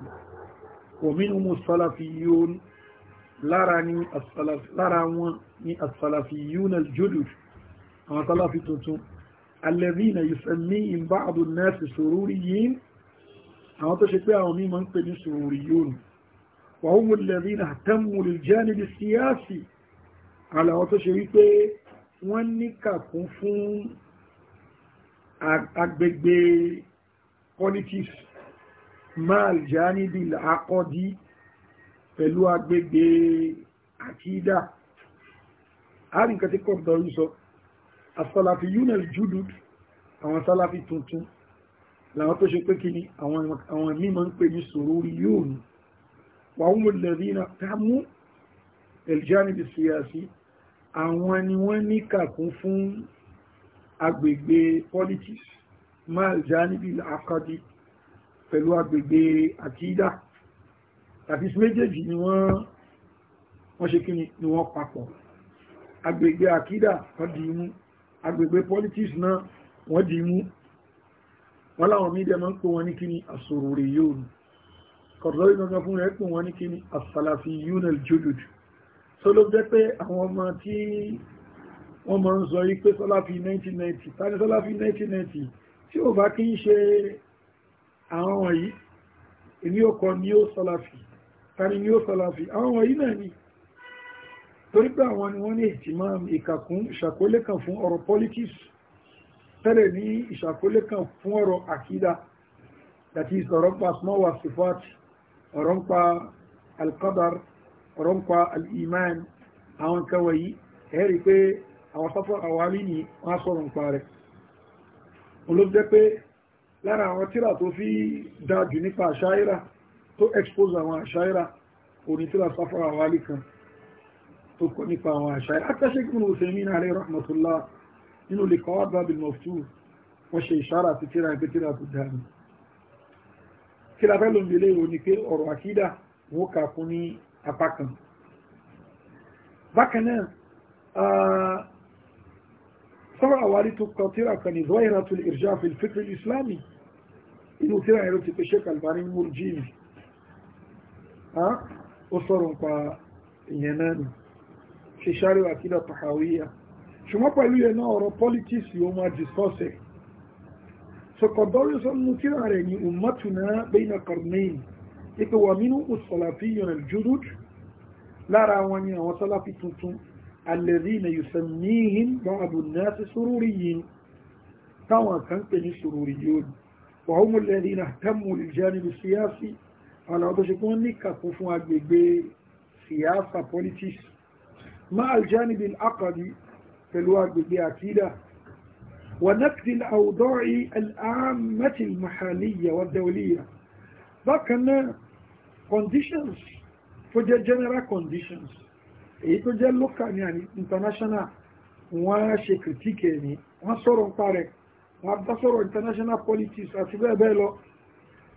wa minhum as-salafiyyun lára wọn ni as-salafiyyun al-judud àwọn sáláfì tuntun alladhina yusammihim ba'du an-nas sururiyyin àwọn tó ṣe pé àwọn míì máa ń pè ní sùúrì yóò nù وهم الذين اهتموا للجانب السياسي على وتشريطه wọ́n ní kàkún fún agbègbè politics mal janibi akọ́dí pẹ̀lú agbègbè àkídà àríkàtí kọ̀dọ̀rí sọ asalafi yunus judud àwọn salafi tuntun làwọn tó ṣe pé kí ni àwọn mímọ̀ ń pè ní sòrórí yóò ní وهم الذين تهموا الجانب السياسي àwọn ni wọ́n ní kàkún fún agbègbè politics mal janibi akadi pẹ̀lú agbègbè àkídà tàbí méjèèjì ni wọ́n ṣe kí ni wọ́n papọ̀ agbègbè àkídà wọ́n di imú agbègbè politics náà wọ́n di imú wọ́n láwọn mídíà máa ń pè wọ́n ní kí ni àsòrò rèé yóò nù kọ̀dọ̀ ìgbọ̀ngàn fún rẹ̀ pè wọ́n ní kí ni asalafi yunel julud so ló jẹ́ pé àwọn ọmọ tí wọ́n mọ̀ ń sọ yí pé 1990 tani sọ́láfi 1990 tí ò bá kí ń ṣe àwọn wọ̀nyí èmi ò kọ́ ni ó sọ́láfi tani ni ó sọ́láfi àwọn wọ̀nyí náà ni torí pé àwọn ni wọ́n ní ìtìmọ̀ ìkàkún ìṣàkólé kan fún ọ̀rọ̀ politics tẹ́lẹ̀ ní ìṣàkólé kan fún ọ̀rọ̀ àkídà that is ọ̀rọ̀ pàṣmọ́wà sífọ́àtì ọ̀rọ̀ ń pa alqadar ọ̀rọ̀ ń pa al-iman àwọn kan wọ̀nyí ẹ̀rí pé àwọn sọ́fọ́ àwárí ni wọ́n sọ̀rọ̀ ń pa rẹ̀ pé lára àwọn tíra tó fi dájú nípa àṣáírà tó expose àwọn àṣáírà òní tíra sọ́fọ́ àwárí kan tó kọ́ nípa àwọn àṣáírà atẹ́ṣẹ́ kí wọ́n ṣe ní ààrẹ rahmatullah nínú lè kọ́wàá bá bil maftu wọ́n ṣe ìṣára àti tíra ẹgbẹ́ tíra tó dáa kí la fẹ́ ló ń lè léwo ni pé ọ̀rọ̀ àkídà wọ́n kà fún ní apá kan bákan náà sọ́rọ̀ àwárí tó kọ tíra kan ní zọ́yìnrà tó lè ìrìṣà fi fífi ìsìláàmì inú tíra ẹ̀rọ ti pé ṣe kàlùbárí múrjíìnì ó sọ̀rọ̀ nípa ìyẹn náà ni ṣe ṣáré àkídà tàhàwíyà ṣùgbọ́n pẹ̀lú ẹ̀ náà ọ̀rọ̀ politics yóò máa discuss sọkọ̀dọ́rí sọ́nù tíra rẹ̀ ni ummatuna bayna qarnayn ipe wà nínú usalafiyyun al-judud lára wọn ni àwọn sọ́láfí tuntun alladhina yusammihim ba'du an-nasi sururiyyin táwọn kan pè ní sururiyyun wa hum alladhina ihtammu lil-janib as-siyasi aláwọ̀dọ́sẹ̀kún ní kàkún fún agbègbè siyasa politics ma al-janib al-aqdi pẹ̀lú agbègbè àkídà ونقد الأوضاع الأعمة المحليه والدولية لكن conditions في general conditions إيه في local يعني international وشي كريتيك يعني وصورهم طارق وعبد صور international politics أتبقى بيلو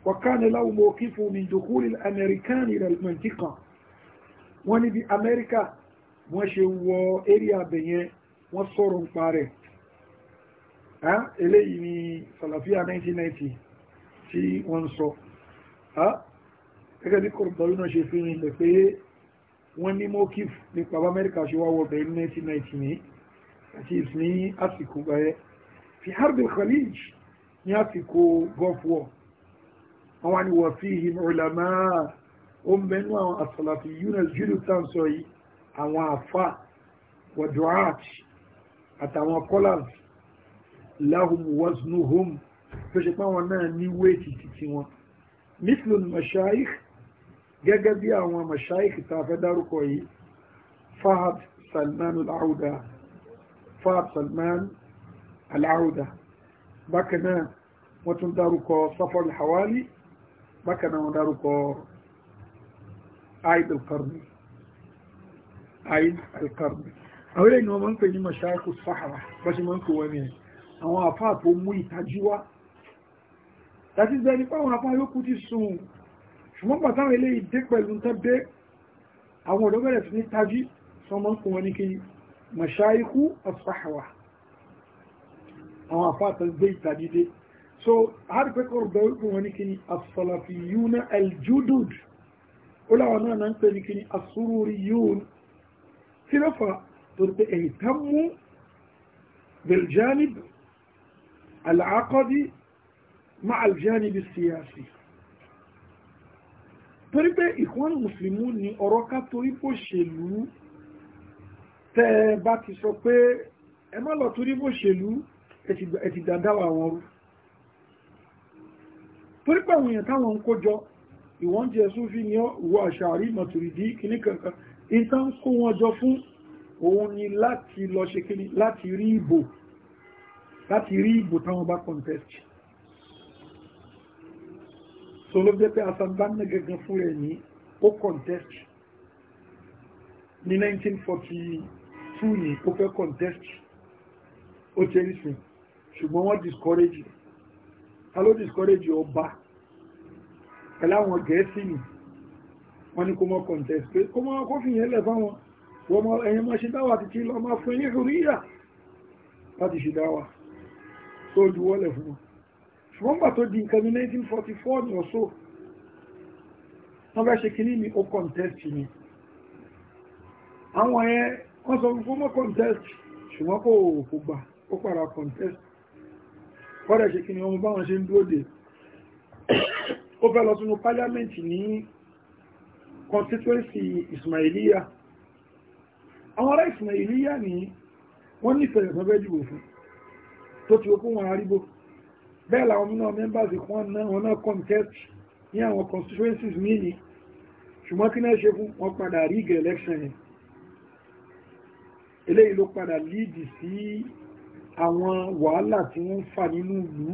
وكان له موقف من دخول الأمريكان إلى المنطقة وني بأمريكا وشي هو area بيه وصورهم طارق eléyìí ni Salafia 1990 tí wọ́n sọ gẹ́gẹ́ bí kọ̀rọ̀bọ̀lú náà ṣe fi rìn lẹ̀ pé wọ́n ní mokif ní pàbá amẹ́ríkà ṣe wá wọ̀ bẹ̀rẹ̀ 1990 ní àti ìsìn ní àsìkò gbáyẹ́ fi harbi khalij ní àsìkò gulf war àwọn ni wọ́n fi ìhìn ulama ó ń bẹnu àwọn àtàwọn collars lahum waznuhum tó ṣe pé wọn náà ní wéètì títí wọn mithlun mashayikh gẹ́gẹ́ bí àwọn mashayikh tá a fẹ́ dárúkọ yìí fahad salman al-auda fahad salman al-auda bákan náà wọ́n tún dárúkọ safar al-hawali bákan náà wọ́n dárúkọ aid al-qarni aid al-qarni àwọn èèyàn wọ́n máa ń mashayikh sahara bá ṣe máa ń pè àwọn àfáà tó mú ìtajú wá láti bẹ́ẹ̀ nípa àwọn àfáà yóò kú ti sùn ṣùgbọ́n pàtàkì ilé ìdé pẹ̀lú tán dé àwọn ọ̀dọ́ bẹ̀rẹ̀ sí ní tajú sọmọ ń kún wọn ní kí mọ̀ṣáíkú ọ̀sáhàwà àwọn àfáà tán gbé ìtajú dé so har بالجانب العقدي مع الجانب السياسي torí pé ìkwọ́nù mùsùlùmí ni ọ̀rọ̀ ká torí bó ṣèlú tẹ́ ẹ bá ti sọ pé ẹ má lọ torí bó ṣèlú ẹ ti dàdáwà wọn rú torí pé àwọn èèyàn táwọn ń kójọ ìwọ́n jẹ́ súnfí ni ó wọ àṣàrí màtùrìdí kìíní kankan ìta kó wọn jọ fún òun ni láti lọ ṣe kìíní láti rí ìbò láti rí ìbò táwọn bá contest so ló jẹ́ pé asanbanna gangan fún rẹ̀ ní ó contest ní 1942 ní ó fẹ́ contest ó tẹ́ ìsìn ṣùgbọ́n wọ́n discourage ta ló discourage ọba pẹ̀lú àwọn gẹ̀ẹ́sì ni wọ́n ní kó mọ́ contest pé kó mọ́ kó fi yẹn lẹ̀ fáwọn wọ́n mọ́ ẹ̀yẹn mọ́ ṣe dáwà títí lọ máa fún ẹ̀yìn ìrúyà láti ṣe dáwà tó juwọ́lẹ̀ fún wọn ṣùgbọ́n gbà tó di nǹkan ní 1944 ní ọ̀ṣọ́ wọ́n bá ṣe kìíní ní ó contest ni àwọn ẹ̀ wọ́n sọ fún mọ́ contest ṣùgbọ́n kò kò gbà ó para contest kọ́dẹ̀ ṣe kìíní ọmọ báwọn ṣe ń dúró dè ó fẹ́ lọ sínú parliament ní constituency Ismailiya àwọn ará Ismailiya ni wọ́n nífẹ̀ẹ́ ìfẹ́ bẹ́ẹ̀ dìbò fún tó ti okú wọn àrígbò bẹ́ẹ̀ làwọn mínú members wọn náà wọn náà contest ní àwọn constituencies míì ṣùgbọ́n kí náà ṣe fún wọn padà rí election yẹn eléyìí ló padà líìdì sí àwọn wàhálà tí wọ́n ń fà nínú ìlú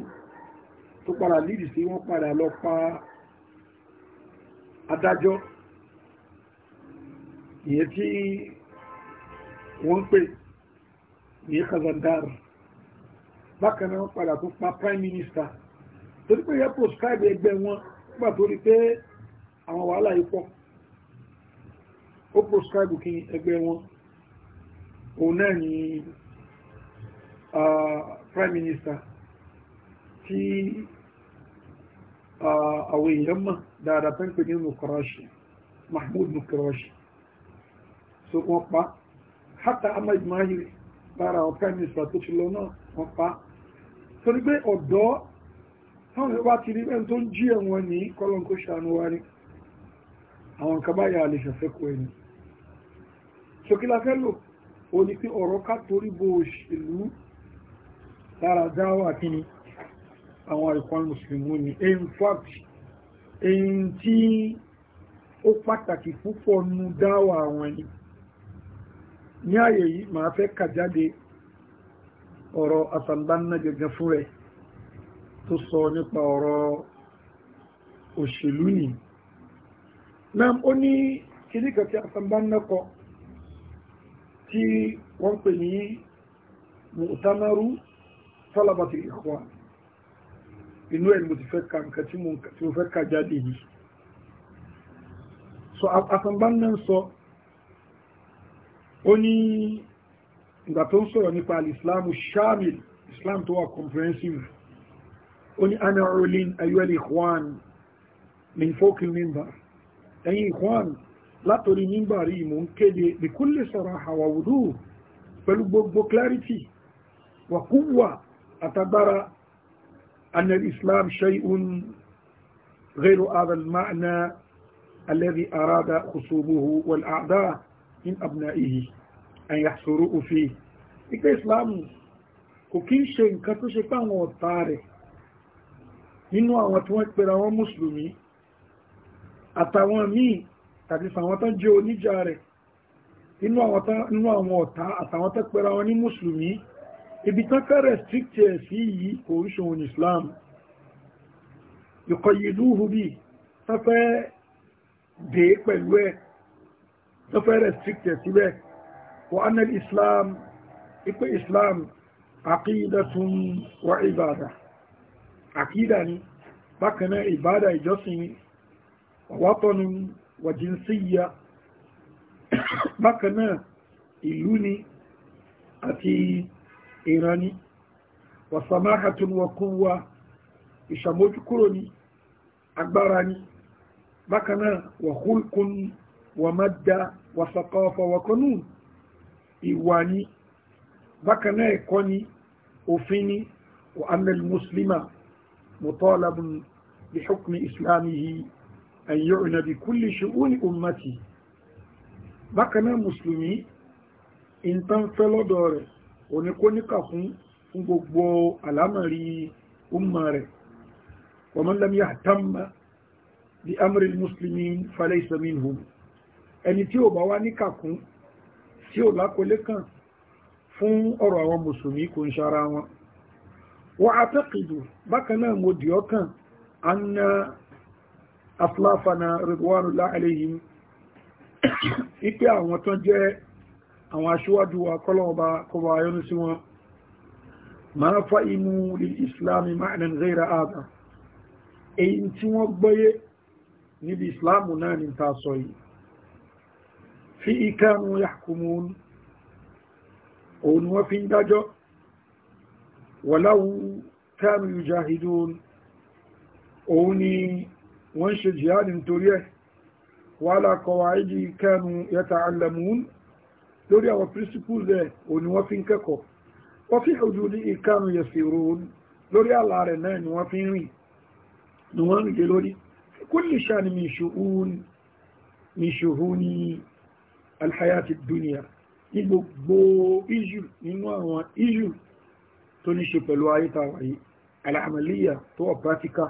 tó padà líìdì sí wọ́n padà lọ pa adájọ́ ìyẹn tí wọ́n pè ní Kazandar bákan náà padà tó pa prime minister torí pé yẹ proscribe ẹgbẹ́ wọn nígbà tó rí pé àwọn wàhálà yìí pọ̀ ó proscribe kí ẹgbẹ́ wọn òun náà ni prime minister tí àwọn èèyàn mọ̀ dáadáa pé ń pè ní nukarashi mahmoud nukarashi so wọ́n pa hátà ahmed mahir lára àwọn prime minister tó ti lọ náà wọ́n pa torí pé ọ̀dọ́ táwọn ẹ̀bá ti rí ẹni tó ń jí ẹ̀wọ̀n ní kọ́lọ̀n kó ṣàánú wá ní àwọn kàbáyà lè ṣàfẹ́kọ̀ ẹni ṣokílafẹ́ lò ó ní pé ọ̀rọ̀ ká torí bo òṣèlú lára dáwà kí ni àwọn àríkọ́n mùsùlùmí ni in fact èyí tí ó pàtàkì púpọ̀ nu dáwà àwọn ẹni ní àyè yìí màá fẹ́ kà jáde ọ̀rọ̀ asanbanna gẹ̀gẹ̀ fún rẹ̀ tó sọ nípa ọ̀rọ̀ òṣèlú ni náà ó ní kìdíkà tí asanbanna kọ tí wọ́n pè ní mùtámárù tọ́lábàtì ìkọ́ inú ẹ̀ mo ti fẹ́ ka tí mo fẹ́ ka jáde yìí so asanbanna sọ ó ní ìgbà tó ń sọ̀rọ̀ nípa alìsìláàmù shamil islam tó wà comprehensive ó ní ana rolin ayuel ikhwan ni fokil mimba ẹ̀yin ikhwan látòrí mimba rí mò ń kéde bí kulli saraha wa wudu pẹ̀lú gbogbo clarity wa kú wà àtagbára أن الإسلام شيء غير هذا المعنى الذي أراد خصومه والأعداء من أبنائه ẹ̀yà sòrò òfin wípé ìsìláàmù kò kí ń ṣe nǹkan tó ṣe páwọn ọ̀tá rẹ̀ nínú àwọn tí wọ́n pera wọn mùsùlùmí àtàwọn míì tàbí sàwọn tán jẹ́ oníjà rẹ̀ nínú àwọn ọ̀tá àtàwọn tán pera wọn ní mùsùlùmí ibi tán ká restrict ẹ̀ sí yìí kò ń ṣe òun islam ìkọ̀ yìí lúhu bí tán fẹ́ وأن الإسلام إقوى إسلام عقيدة وعبادة عقيدة بكنا عبادة جسمي ووطن وجنسية بكنا إلوني أتي إيراني وسماحة وقوة إشاموج كروني أكبراني بكنا وخلق ومدة وثقافة وقانون ìwà ni bákan náà ẹ̀kọ́ ni òfin ni wa annal muslima mutalabun bi hukmi islamihi an yu'na bi kulli shu'uni ummati bákan náà mùsùlùmí ìntàn fẹ́ lọ́dọ̀ rẹ̀ òní kó níkà fún fún gbogbo àlámọ̀rí umma rẹ̀ wa man lam yahtamma bi amri muslimin falaysa minhum ẹni tí ò bá wá níkà kún tí ò lákòólé kan fún ọ̀rọ̀ àwọn mùsùlùmí kò ń ṣara wọn wọ́n atẹ́kìdù bákan náà mo dì ọkàn anna afláfana ridwanullahi alayhim ipe àwọn tán jẹ́ àwọn aṣíwájú wa kọ́lọ́ọ̀bá kọba ayọ́nu sí wọn máa fa imú lil islami ma'anin ghayra ààbà èyí tí wọ́n gbọ́yé níbi islamu náà ní ta yìí fi kanu yahkumun òun wọ́n fi ń dájọ́ wàláwú kanu yujahidun òun ni wọ́n ṣe jihadi nítorí ẹ̀ wala qawaidi kanu yata'allamun lórí àwọn principles ẹ̀ òun ni wọ́n fi ń kẹ́kọ̀ọ́ wọ́n fi hududi kanu yasirun lórí àlà rẹ̀ náà ni wọ́n fi ń rìn ni wọ́n rìn lé lórí kulli shani min shu'un min alhayati dunia ní gbogbo iju nínú àwọn iju tó ní ṣe pẹ̀lú ayétawà yìí al'amaliya tó wà pratika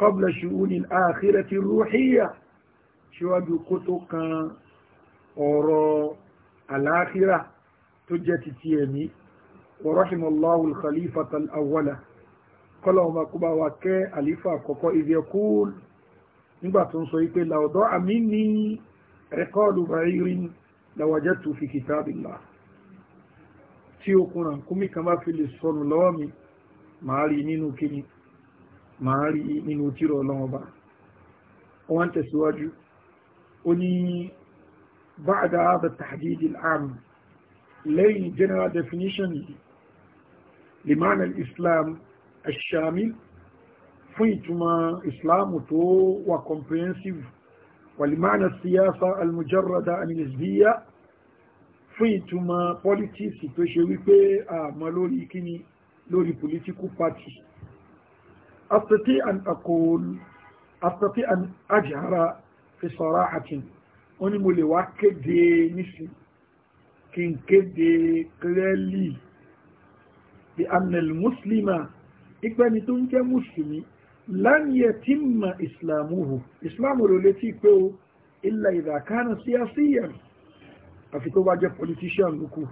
qabla shu'uni al-akhirati ruhiyya ṣíwájú kó tó kan ọ̀rọ̀ al-akhira tó jẹ́ titi ẹ̀mí wa rahimallahu al-khalifata al-awwala kọ́lọ̀ ọmọ kúbá wa kẹ́ àlífà àkọ́kọ́ nígbà tó ń sọ wípé laudọ́ àmì ní rẹ̀kọ́ọ̀dù ba'irin lawajatu fi kitabillah tí okùn ràkúnmí kan bá fi lè sọnù lọ́wọ́ mi màá rí nínú kíni màá rí nínú tírọ̀ ọlọ́wọ́ bá wọ́n tẹ̀síwájú ó ní ba'da hadha at-tahdid lẹ́yìn general definition yìí لمعنى الإسلام الشامل fún ìtumọ̀ ìsìláàmù tó wà comprehensive ولمعنى السياسة المجردة عن الحزبية fún ìtumọ̀ politics tó ṣe wípé àmọ́ lórí kíni lórí political party astati an akol astati an ajara fi sarahatin wọ́n ní mo lè wá kéde nísìn kí n kéde clearly bi anna al muslima ipẹ́ni tó ń jẹ́ mùsùlùmí lánìyẹ tí mà ìsìlámù hù ìsìlámù rẹ̀ létí pé o ilà ìdàkánà síyàsíyà àfi tó bá jẹ́ politician lókù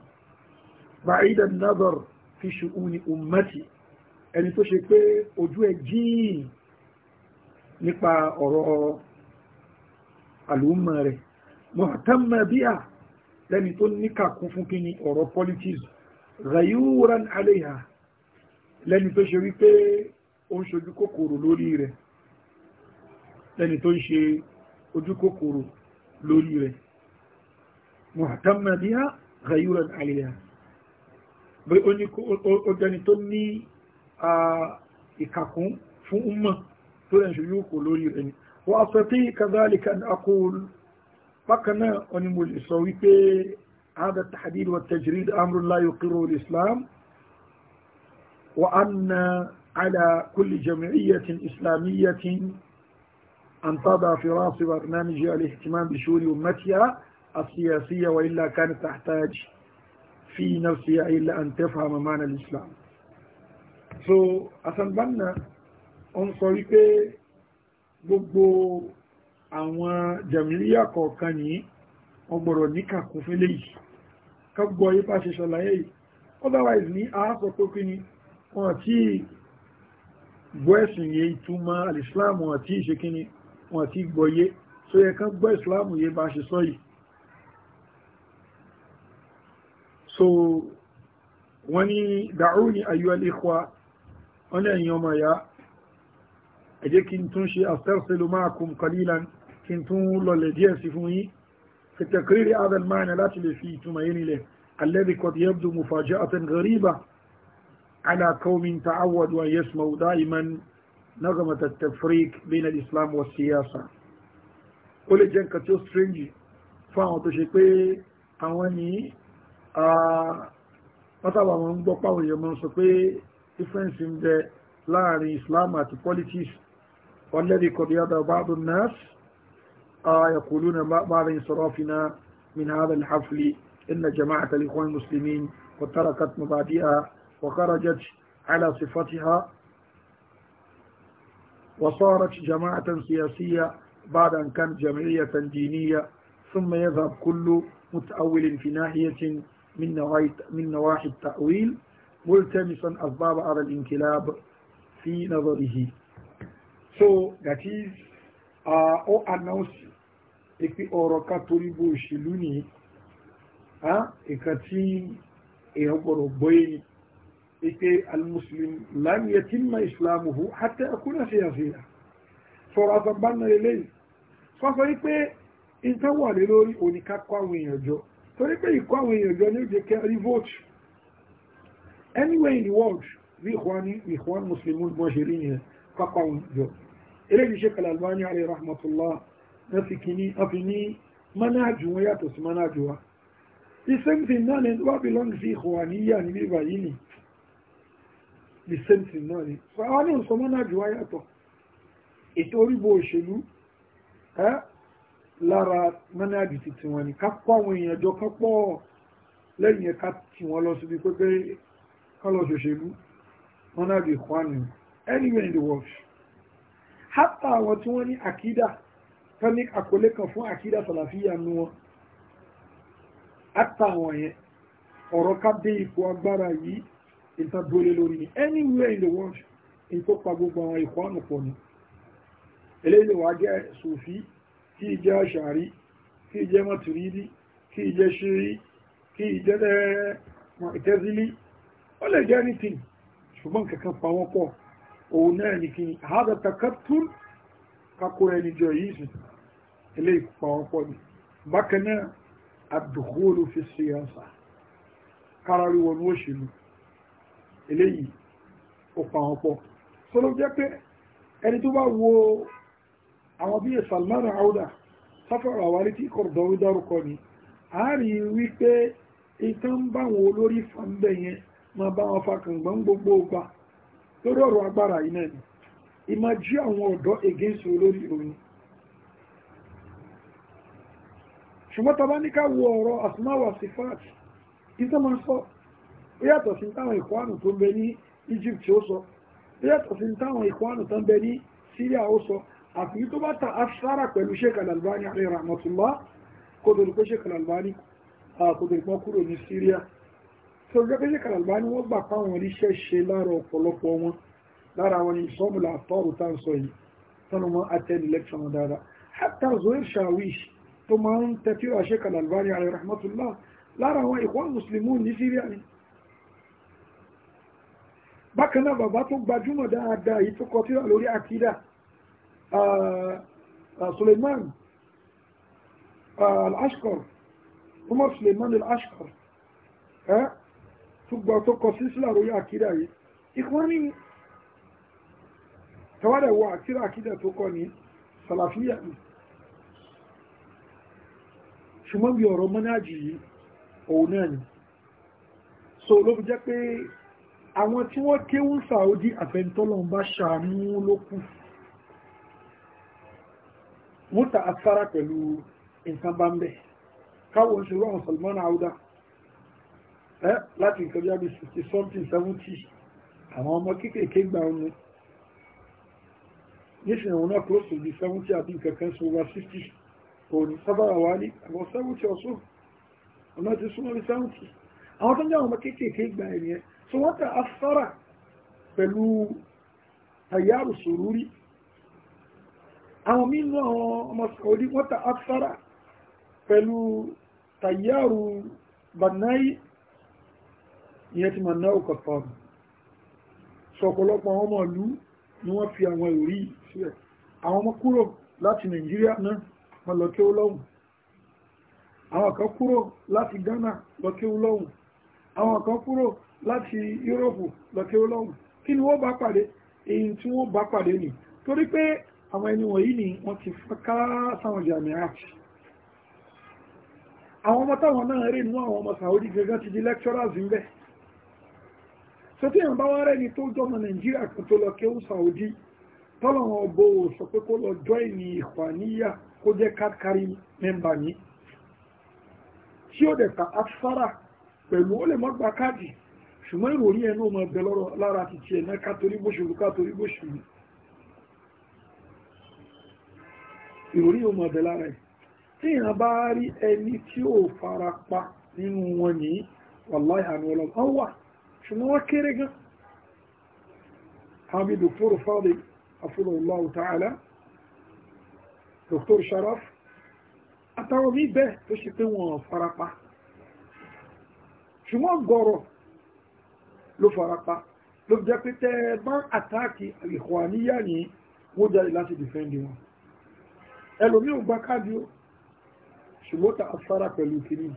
bàídà nadar fi ṣùgbọ́n ummati ẹni tó ṣe pé ojú ẹ̀ jíìn nípa ọ̀rọ̀ àlùmọ̀ rẹ̀ mọ̀tánmà bí à lẹ́ni tó níkàkún fún kí ni ọ̀rọ̀ politics rayuran aleha lẹ́ni tó ṣe wípé ó ń ṣojú kòkòrò lórí rẹ̀ lẹ́ni tó ń ṣe ojú kòkòrò lórí rẹ̀ mo muhtamma biha ghayuran aliya bí ó jẹni tó ní ìkàkún fún umma tó lẹ́ni ṣojú kòkòrò lórí rẹ̀ ni wa astati kadhalika an aqul bákan náà ọni mo lè sọ wípé هذا التحديد والتجريد أمر لا يقره الإسلام وأن على كل جمعية إسلامية أن تضع في رأس برنامجها الاهتمام بشؤون أمتها السياسية وإلا كانت تحتاج في نفسها إلا أن تفهم معنى الإسلام so Hassan Banna ń sọ wípé gbogbo àwọn jàmílíà kọ̀ọ̀kan ní wọ́n gbọ́dọ̀ níkàkún fẹ́lẹ̀ yìí ká gbọ́ yí bá ṣe ṣọ̀láyé yìí otherwise ní àásọ̀ pé kí ni wọ́n tí gbọ́ ẹ̀sìn yé ìtumọ̀ alìsíláàmù àti ìṣekíní wọn àti gbọ́yé tó yẹ kán gbọ́ ìsìláàmù yé bá ṣe sọ yìí so wọ́n ní dàrú ní ayyuhal ikhwa wọ́n ní ẹ̀yin ọmọ ya ẹ jẹ́ kí n tún ṣe astẹ́rẹ́sẹ̀lú ma'akum qalilan kí n tún على قوم تعودوا أن يسمعوا دائما نغمة التفريق بين الإسلام والسياسة ó lè jẹ́ nǹkan tí ó strange fún àwọn tó ṣe pé àwọn ní pátábà wọn ń gbọ́ páwọn والذي قد يدع بعض الناس يقولون بعد انصرافنا من هذا الحفل إن جماعة الإخوان المسلمين وتركت مبادئها وخرجت على صفتها وصارت جماعة سياسية بعد أن كانت جمعية دينية ثم يذهب كل متأول في ناحية من نواحي من نواحي التأويل ملتمسا أسباب على الانقلاب في نظره. So that is uh, all announce if ọ̀rọ̀ ká torí bó òṣèlú nìyí, nǹkan tí èèyàn a gbọ́ ike almuslim lam yatimma islamuhu hatta akuna fi àfihà sọ̀rọ̀ àtàbánà eléyìí sọ́sọ́ wípé nǹkan wà lé lórí oníká kọ́ àwọn èèyàn jọ torí pé ìkọ́ àwọn èèyàn jọ ní ó jẹ́ kẹ́ rí vote anywhere in the world bí ìkwani ìkwan muslimun bọ́n ṣe rí yẹn kápá àwọn jọ eléyìí ṣe kàlà albani alayhi rahmatullah na fi kìíní a fi ní manájú wọn yàtọ̀ sí manájú wa the same thing náà ni wọ́n belong sí ìkwani yà ní bíbá yìí ni the same thing náà ni àwọn ní nǹkan mọ́nà jù wá yàtọ̀ ètò oríbo òṣèlú lára mọ́nàjì ti tí wọ́n ni ká pọ̀ àwọn èèyàn jọ ká pọ̀ lẹ́yìn ẹ̀ka tí wọ́n lọ síbi pé kọ́lọ̀ ṣòṣèlú mọ́nàjì kwani anywhere in the world hátà àwọn tí wọ́n ní àkídà tán ní àkọlé kan fún àkídà sàlàfíà nu wọn hátà àwọn yẹn ọ̀rọ̀ ká dé ipò agbára yìí ìtàn dúró lórí ni anywhere in the world in tó pa gbogbo àwọn ìkọ́ ọ̀nà pọ̀ ni eléyìí wàá jẹ́ sùfí kí í jẹ́ ṣàrí kí í jẹ́ mọ̀tìrídì kí í jẹ́ ṣírí kí í jẹ́ ìtẹ́sílí eh, ó lè jẹ́ anything ṣùgbọ́n kankan pa wọ́n pọ̀ òun náà ní kí ni àádọ́ takatún kakó ẹni jọ yìí sùn eléyìí pa wọ́n pọ̀ ni bákan náà àdùkú olùfisíyànsá káráríwọ̀n ó ṣèlú eléyìí ó pa wọn tó ló jẹ́ pé ẹni tó bá wo àwọn bíi Salman Auda sáfàrà wálé tí kọ̀rọ̀dọ̀wé dárúkọ ni a rí wípé ìtàn báwọn olórí olori yẹn ma bá wọn fa kàngbọ́n gbogbo ọgbà lórí agbára yìí ni ìmá jí àwọn ọ̀dọ́ against olórí ṣùgbọ́n wo ọ̀rọ̀ asmawa sifat sọ ó yàtọ̀ sí táwọn ìkwánù tó ń bẹ ní Egypt ó sọ ó yàtọ̀ sí táwọn ìkwánù tó ń bẹ ní Syria ó sọ àfi tó bá ta asára pẹ̀lú Sheikh Al-Albani alayhi rahmatullah tó dùkọ́ Sheikh Al-Albani tó dùkọ́ kúrò ní Syria tó dùkọ́ pé Sheikh al wọ́n gbà pa wọn ṣe lára ọ̀pọ̀lọpọ̀ wọn lára wọn ni sọ́mùlà àtọ́rù tá tó máa ń tẹ́tí wa Sheikh al lára wọn Ikhwan Muslimun ní Syria ni bákan náà bàbá tó gbajúmọ̀ dáadáa yìí tó kọ tírà lórí àkídà ah, ah, Suleiman ah, al-Ashqar Umar Suleiman al-Ashqar eh, tó gbọ́ tó kọ sísílà lórí àkídà yìí ìkan ní tawada wa tírà àkídà tó kọ ní Salafiyya ni ṣùgbọ́n bí ọ̀rọ̀ mọ́nájì yìí òun náà ni so ló fi jẹ́ pé àwọn tí wọ́n kéwú Saudi àfẹ́ntọ́lọ́n bá ṣàánú ló kù wọ́n ta afárá pẹ̀lú nǹkan bá ń bẹ̀ káwọn ń ṣerú àwọn Salman Auda ẹ láti nǹkan bíi sixty something seventy àwọn ọmọ kéékèèké gbà ń mu nísìnyí àwọn náà close to the seventy àbí nǹkan kan so over sixty òní sábàá wà ní about seventy or so ọ̀nà ti súnmọ́ bí seventy àwọn tó ń jẹ́ àwọn ọmọ kéékèèké gbà ẹ̀ nìyẹn tí wọ́n tẹ afárá pẹ̀lú àyàrò sòrúrí àwọn mínú àwọn ọmọ Saudi wọ́n tẹ afárá pẹ̀lú tàyàrò bànáyì ìyẹn ti màá náà kọ̀tọ̀ sọ̀pọ̀lọpọ̀ àwọn ọmọ ìlú ni wọ́n fi àwọn ìrí sílẹ̀ àwọn ọmọ kúrò láti Nàìjíríà náà wọ́n lọ kí àwọn kan kúrò láti Ghana lọ kí àwọn kan kúrò láti yúróòpù lọ́kẹ́ olóhùn kí ni wọ́n bá pàdé èyí tí wọ́n bá pàdé nì torí pé àwọn ẹni wọ̀nyí ni wọ́n ti fọ́ká sáwọn jàmì àti àwọn ọmọ táwọn náà rí inú àwọn ọmọ Saudi gẹ́gẹ́ ti di lecturers ń bẹ̀ tó tí yàn bá wá rẹ́ni tó jọmọ Nàìjíríà kan tó lọ kéwù Saudi tọ́lọ̀wọ̀n ọgbọ́ ò sọ pé kó lọ jọ ìní ìpà kó jẹ́ káàkiri mẹ́mbà ní tí ó dẹ̀ ta afárá pẹ̀lú ó lè mọ́gbà káàdì ṣùgbọ́n ìròrí ẹnu ọmọ ẹgbẹ́ lọ́rọ̀ lára ti tiẹ̀ náà kátorí bóṣùrù kátorí bóṣùrù ìròrí ọmọ ẹgbẹ́ lára ẹ̀ tí ìyàn bá rí ẹni tí ó fara pa nínú wọn ní wàláì àmì ọlọ́gbọ́n wà ṣùgbọ́n wọ́n kéré gan àmì dòkítọ́rù fáwọn afúnlọ́wọ́ ta'ala dòkítọ́rù sharaf àtàwọn mí bẹ́ẹ̀ tó ṣe pé wọ́n farapa ṣùgbọ́n gọ̀rọ̀ ló farapa ló jẹ́ pé tẹ́ ẹ bá àtáàkì Ikhwaniyya ní wọ́n jáde láti dìfẹ́ǹdì wọn ẹlòmí ò gba káàdì ó ṣùgbọ́n ta afárá pẹ̀lú kìíní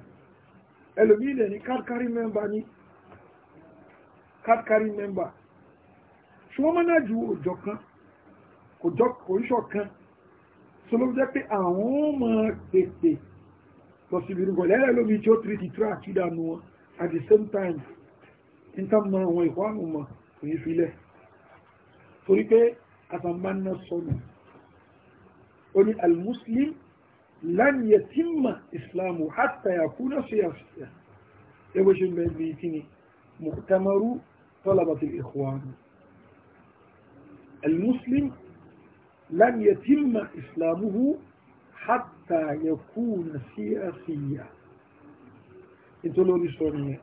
ẹlòmí ilẹ̀ ní káàkiri mẹ́mbà ní káàkiri mẹ́mbà ṣùgbọ́n mọ́nà ju òjò kan kò ríṣọ̀ kan so ló jẹ́ pé àwọn ọmọ pèpè lọ sí ìbírúkọ lẹ́rẹ̀ lómi tí ó tìrìtì tíra àkídà nu wọn at the same time níta mọ àwọn ìkọ́ àwọn ọmọ kò ní filẹ̀ torí pé àtàmánà sọnù ó ní almuslim lan yatimma islamu hatta yakuna siyasiya ebe ṣe ń bẹ bí kíni mukhtamaru talabatul ikhwan المسلم لن يتم إسلامه حتى يكون سياسيا انتو لو دي سونيه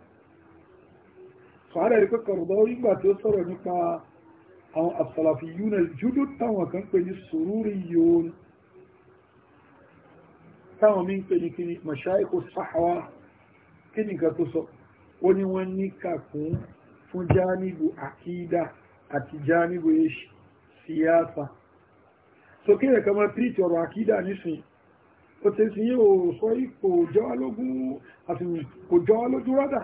fàárẹ̀ rí pé Qaradawi nígbà tí ó sọ̀rọ̀ nípa àwọn as-salafiyun al-judud táwọn kan pè ní sururiyyun táwọn mí ń pè ní kíni mashayikh as-sahwa kí nìkan tó sọ ó ní wọ́n ní kàkún fún jáníbù àkídà àti jáníbù èṣì siyasa so kí ẹ̀kọ́ máa tírìtì ọ̀rọ̀ àkídà nísìn ó tẹ́sí yóò sọ ipò jọ́wálógún àti kò jọ́wálójú rádà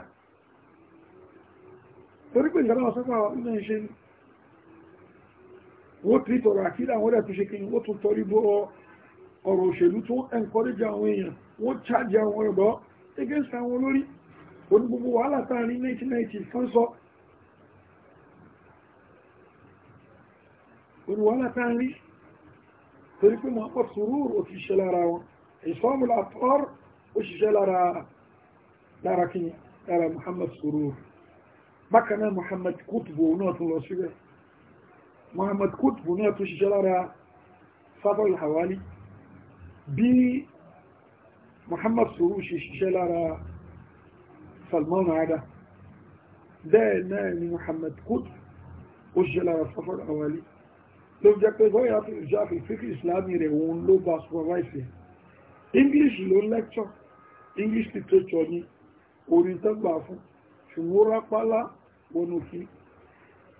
torí pé ìjọba ọ̀sọ́pá náà ṣe ní wọ́n tí tọrọ àkídà wọ́n rẹ̀ tó ṣe kìí wọ́n tún tọrí bó ọ̀rọ̀ òṣèlú tó encourage àwọn èèyàn wọ́n charge àwọn ọ̀dọ́ against àwọn olórí oní gbogbo wàhálà tá ní 1990 kan sọ oní wàhálà tá ní Muhammad sùúrù بكنا محمد كتب ونوت الله شبه محمد كتب ونوت الشجرة فضل الحوالي بي محمد سروش الشجرة فالمون هذا ده نايم محمد كتب والشجرة فضل الحوالي لو جاك بغير في الفكر الإسلامي رئون لو باس ورائفه English لون lecture English literature ni orientable bafun ṣùgbọ́n rápálá bonuki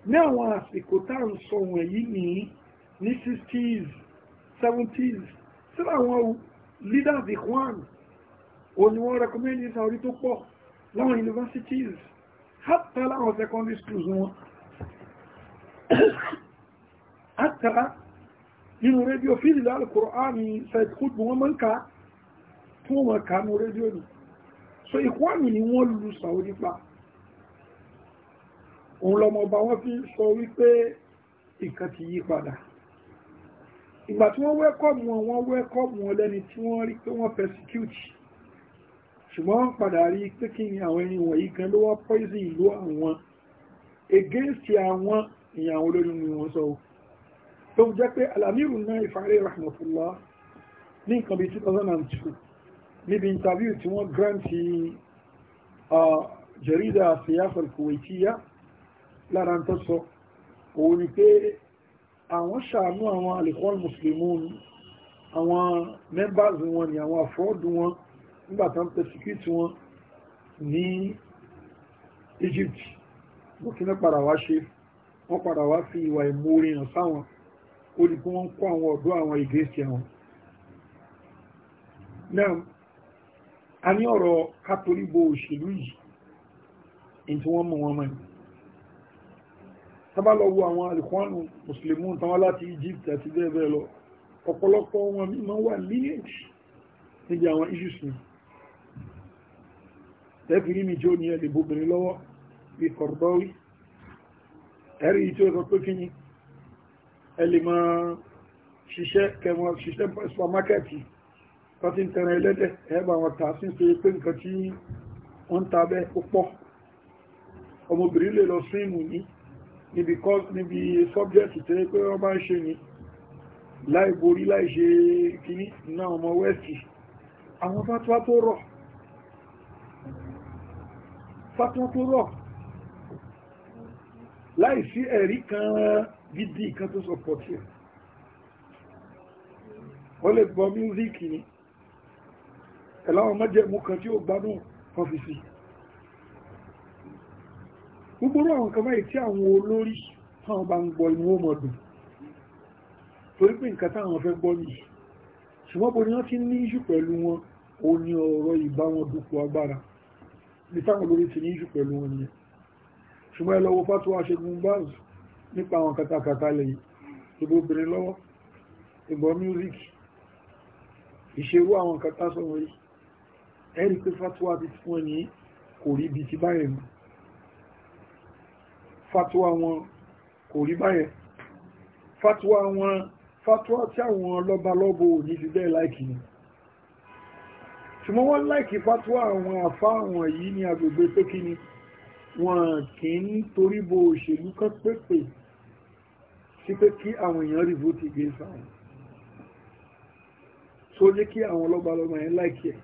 ní àwọn àsìkò tá à ń sọ wọ̀nyí ní ní sixties seventies sí àwọn leaders ikhwan òní wọ́n recommend ní Saudi tó pọ̀ láwọn universities hátà láwọn secondary schools wọn hátà nínú rédíò fílìlì alkùránì Said Qutb wọn mọ́ǹkà tó wọn kà nínú rédíò ni so ikhwan ni wọ́n lu Saudi pa òun lọmọba wọ́n fi sọ wípé nǹkan ti yí padà ìgbà tí wọ́n wẹ́kọ̀mù wọn wọ́n wẹ́kọ̀mù wọn lẹ́ni tí wọ́n rí pé wọ́n persecute ṣùgbọ́n wọ́n padà rí pé kí ni àwọn ẹni wọ̀nyí gan ló wá poison ìlú àwọn against àwọn ìyàwó lórí ni wọ́n sọ tó jẹ́ pé alamiru náà ìfàárẹ̀ rahmatullah ní nǹkan bí 2002 níbi interview tí wọ́n grant uh, jarida siyasa kuwaitiya lára ń tó sọ òun ni pé àwọn ṣàánú àwọn alìkọ́ mùsùlùmí àwọn members wọn ni àwọn àfọ́ọ̀dù wọn nígbà tán persecute wọn ní Egypt burkina padà wá ṣe wọ́n padà wá fi ìwà ìmórí hàn sáwọn ó di kí wọ́n kó àwọn ọ̀dọ́ àwọn ìgbésí àwọn náà a ní ọ̀rọ̀ kátórí òṣèlú yìí ní tí wọ́n mú wọn mọ́ yìí sábà lọ wo àwọn alikwanu mùsùlùmí tán láti Egypt àti bẹ́ẹ̀ bẹ́ẹ̀ lọ ọ̀pọ̀lọpọ̀ wọn mi máa wà lineage níbi àwọn issues ni tẹ́fìrí mi jó ní ẹ̀lẹ́ bóbìnrin lọ́wọ́ bí kọ̀rọ̀dọ́wí ẹ̀rí tí ó sọ pé kí ni ẹ̀lẹ́ máa ṣiṣẹ́ kẹmọ ṣiṣẹ́ supermarketi tọ́tí ń tẹ̀rẹ̀ ẹlẹ́dẹ̀ ẹ̀bà wọn tà sí ṣe pé nǹkan tí wọ́n ń ta bẹ́ẹ̀ púpọ̀ ọmọbìnrin lè lọ sí ìmù ní níbi sọ́bjẹ́tì tẹ́ pé wọ́n bá ń ṣe ní láì borí láì ṣe kìíní iná ọmọ wẹ́ẹ̀sì àwọn fatuwa tó rọ̀ fatuwa tó rọ̀ láì sí ẹ̀rí kan gidi kan tó sọpọ̀tì ẹ̀ wọ́n lè gbọ́ mísíkì ni ẹ̀láwọn mọ́jẹ̀mú kan tí ó gbádùn kan fi nítorí àwọn kan báyìí tí àwọn olórí táwọn bá ń gbọ́ inú ọmọdún torí pé nǹkan táwọn fẹ́ gbọ́ nìyí ṣùgbọ́n bó ni wọ́n ti ní ìṣù pẹ̀lú wọn ó ní ọ̀rọ̀ ìbá wọn dúpọ̀ agbára ní táwọn olórí ti ní ìṣù pẹ̀lú wọn nìyẹn ṣùgbọ́n ẹ lọ́wọ́ fátó aṣẹ́gun báàzù nípa àwọn katakata lẹ́yìn ìbò obìnrin lọ́wọ́ ìbọn music ìṣerú àwọn katasọ̀rọ̀ yìí ẹ̀rí pé fátó àti fún ẹni kò rí ibi ti báyìí fatuwa wọn kò rí báyẹn fatuwa wọn fatuwa tí àwọn lọ́balọ́bọ òní ti bẹ́ẹ̀ láìkì ni ṣùgbọ́n wọ́n láìkì fatuwa àwọn àfá àwọn yìí ní agbègbè pé ni wọn kì í torí bo òṣèlú kan pépè sí pé kí àwọn èèyàn rí vote against àwọn tó jẹ́ kí àwọn lọ́balọ́bọ yẹn láìkì ẹ̀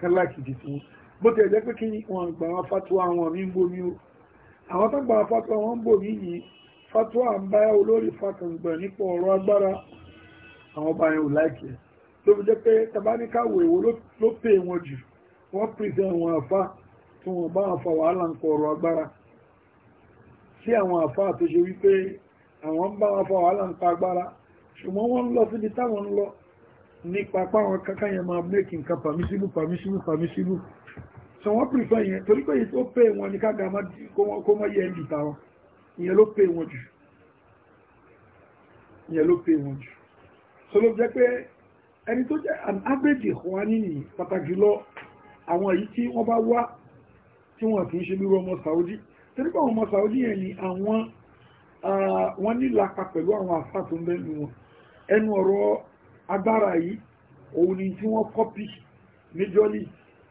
kán láìkì dìtún bó ti ẹ̀ jẹ́ pé kí ni gbà wọn fatuwa àwọn mí ń bomi o àwọn tó gba fatwa wọn bò mí yìí fatwa ń bá olórí fakàngbọ̀n nípa ọ̀rọ̀ agbára àwọn bá yẹn ò láìkì ẹ̀ ló fi jẹ́ pé tabaníkàwò èwo ló pè wọn jù wọ́n pèsè àwọn àfá tí wọ́n bá wọn fa wàhálà ń kọ̀ọ̀rọ̀ agbára sí àwọn àfá tó ṣe wípé àwọn bá wọn wàhálà ń pa agbára ṣùgbọ́n wọ́n ń lọ síbi táwọn ń lọ nípa páwọn kankan yẹn máa make nǹkan permissible permissible permissible so wọ́n pìfẹ́ yẹn torí pé ó pè wọn ní kága kó mọ́ yẹ ẹ̀mí tàwọn ìyẹn ló pè wọn jù ìyẹn ló pè wọn jù so ló jẹ́ pé ẹni tó jẹ́ an average ìhùwání nì pàtàkì lọ àwọn èyí tí wọ́n bá wá tí wọ́n kì í ṣe lúrọ ọmọ Saudi torí pé àwọn ọmọ Saudi yẹn ni àwọn wọ́n ní lapa pẹ̀lú àwọn àfà tó ń bẹ́nu wọn ẹnu ọ̀rọ̀ agbára yìí òun ni tí wọ́n kọ́pì méjọ́lì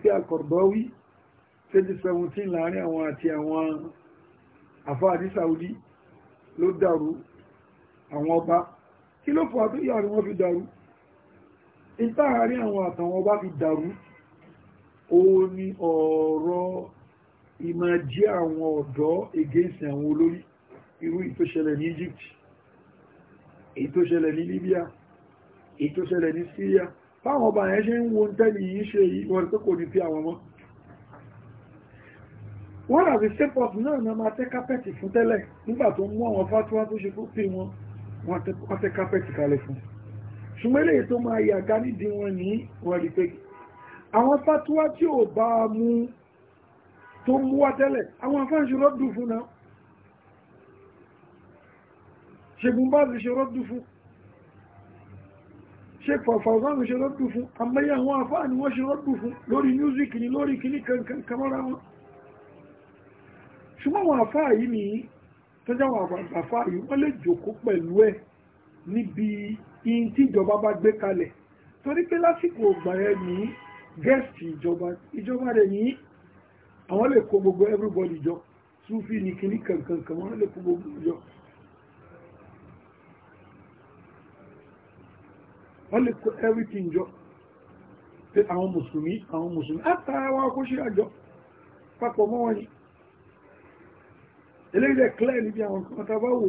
pé Al-Qaradawi 2017 láàrin àwọn àti àwọn àfáà Saudi ló dàrú àwọn ọba kí ló fọ́ àtúnyà ni wọ́n fi dàrú ìtàárín àwọn àtàwọn ọba fi dàrú ó ní ọ̀rọ̀ ìmọ̀ àwọn ọ̀dọ́ against àwọn olórí irú ìtòṣẹlẹ̀ ní Egypt ìtòṣẹlẹ̀ ní Libya ìtòṣẹlẹ̀ ní Syria táwọn ọba yẹn ṣe ń wo tẹ́lì yìí ṣe yìí wọ́n tó kò ní fi àwọn mọ́ wọ́n àti stepop náà náà máa tẹ́ kápẹ́tì fún tẹ́lẹ̀ nígbà tó mú àwọn fátúwá tó ṣe fún pé wọn wọ́n tẹ́ kápẹ́tì kalẹ̀ fún ṣùgbọ́n eléyìí tó máa yàgá nídìí wọn ní wọ́n rí pé àwọn fátúwá tí ò bá mú tó mú wá tẹ́lẹ̀ àwọn afáǹṣe rọ́dù fún náà ṣègùn bá ti ṣe rọ́dù fún ṣe fàfàzánù ṣe rọ́dù fún àmẹ́yẹ àwọn àfáà ni wọ́n ṣe rọ́dù fún lórí music ni lórí kìíní kankan kamara wọn ṣùgbọ́n àwọn àfáà yìí ni tọ́jà àwọn àfáà yìí wọ́n lè jòkó pẹ̀lú ẹ̀ níbi ihun tí ìjọba bá gbé kalẹ̀ torí pé lásìkò ògbà ẹ ní gẹ́ẹ̀sì ìjọba ìjọba rẹ̀ ní àwọn lè kó gbogbo everybody jọ súfì ni kìíní kankan kan wọ́n lè kó gbogbo jọ wọ́n lè kó everything jọ pé àwọn mùsùlùmí àwọn mùsùlùmí látara wa kó ṣe àjọ papọ̀ mọ́ wọn ni eléyìí dẹ̀ clear níbi àwọn kan tá a bá wò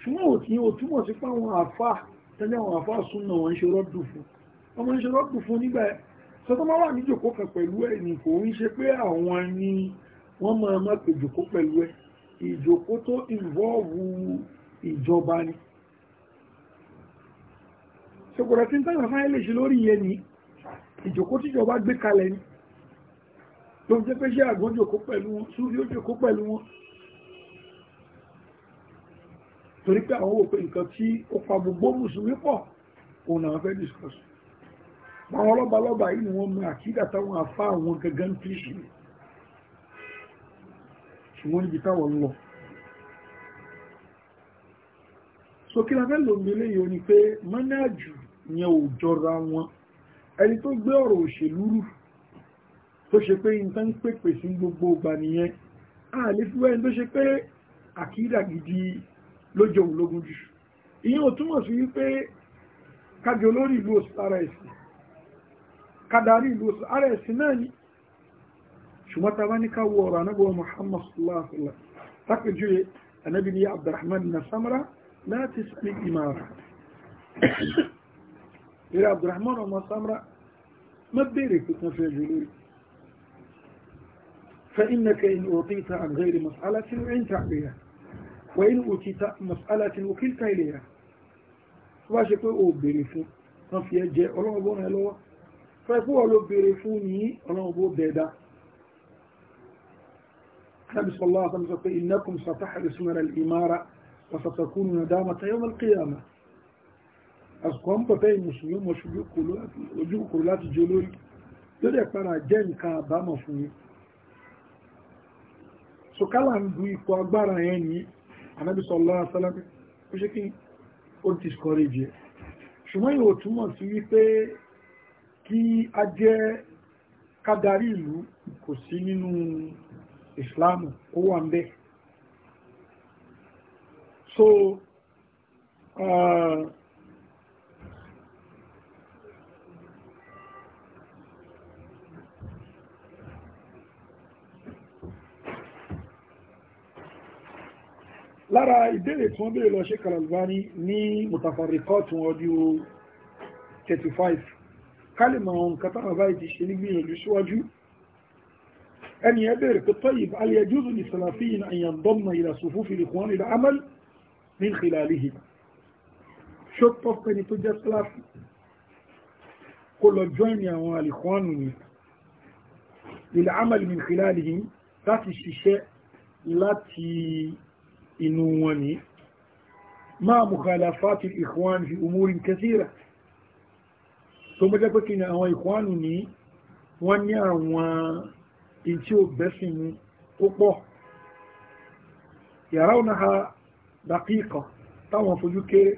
ṣùgbọ́n òtí o túmọ̀ sí pé àwọn àfa tẹ́lẹ̀ àwọn àfa súnà wọn ń ṣe rọ́dù fún ọmọ ṣe rọ́dù fún nígbà ẹ̀ sọ́tọ́ máa wà ní jòkó kan pẹ̀lú ẹ̀ ní kò ń ṣe pé àwọn ni wọ́n máa má pè jòkó pẹ̀lú ẹ̀ ìjòkó tó involve ìjọba ni ṣòkòrò tí ń tàbí fáyé lè ṣe lórí yẹn ni ìjòkó tíjọba gbé kalẹ̀ ni tó ń jẹ́ pé ṣe àgbọn jòkó pẹ̀lú wọn súnfí ó jòkó pẹ̀lú wọn torí pé àwọn òpin nǹkan tí ó pa gbogbo mùsùlùmí pọ̀ òun àwọn fẹ́ discuss àwọn ọlọ́ba lọ́ba yìí ni wọ́n mú àkídà táwọn afá àwọn gangan píṣì ṣùgbọ́n níbi táwọn lọ so kí la fẹ́ lòmí léyìn pé mọ́nájù yẹn ò jọra wọn ẹni tó gbé ọ̀rọ̀ òṣèlú rù tó ṣe pé n tán pèpè sí gbogbo ìgbà nìyẹn a lè fi wẹ́n tó ṣe pé àkídà gidi lójó òun lógún jù ìyẹn ò túmọ̀ sí wípé kájọ olórí ìlú ara ẹ̀sìn kádàrí ìlú ara ẹ̀sìn náà ni ṣùgbọ́n ta bá ní ká wo ọ̀rọ̀ anábọ̀ Muhammad sallallahu alaihi wasallam tápẹ̀júwe anábì ní Abdurrahman na samara láti sani imara يا عبد الرحمن وما سامرة ما تبيري كتنا في الجليل فإنك إن أعطيت عن غير مسألة وعنت عليها وإن أعطيت مسألة وكلت إليها فباشي كوي أعب بريفو نفيا جاء ألا أبونا ألوه فأقول ألو بريفوني ألا أبو ديدا نبي صلى الله عليه وسلم إنكم ستحرسون الإمارة وستكونون دامة يوم القيامة àsìkò ń bọ̀ bẹ́ẹ̀ mùsùlùmí ojú kòkòrò láti jẹ olórí tó dẹ̀ para jẹ́ nǹkan àbámọ̀ fún yín so kálà ń du ipò agbára yẹn ní anábì sallallahu alaihi wasallam ó ṣe kí ó discourage yẹ ṣùgbọ́n yóò túmọ̀ sí wípé kádarí ìlú kò sí nínú ìsìláàmù ó wà ń bẹ so ah, lára ìbéèrè tí wọ́n béèrè lọ ṣe Al-Albani ní mutafarriqat ọdún 35 kálìmọ̀ àwọn nǹkan táwọn báyìí ti ṣe nígbìyànjú síwájú أن يبارك الطيب هل يجوز للسلفيين أن ينضم إلى صفوف الإخوان إلى عمل من خلالهم شطف من تجا السلفي كل جوين يا الإخوان للعمل من خلالهم ذات الشيشاء التي inú wọn ní máa mukhalafati ikhwan fi umurin kathira tó mọ́jẹ́ pé kí ni àwọn ikhwanu ní wọ́n ní àwọn in tí ó bẹ́sìn mú tó pọ̀ yarawnaha daqiqa táwọn fojú kéré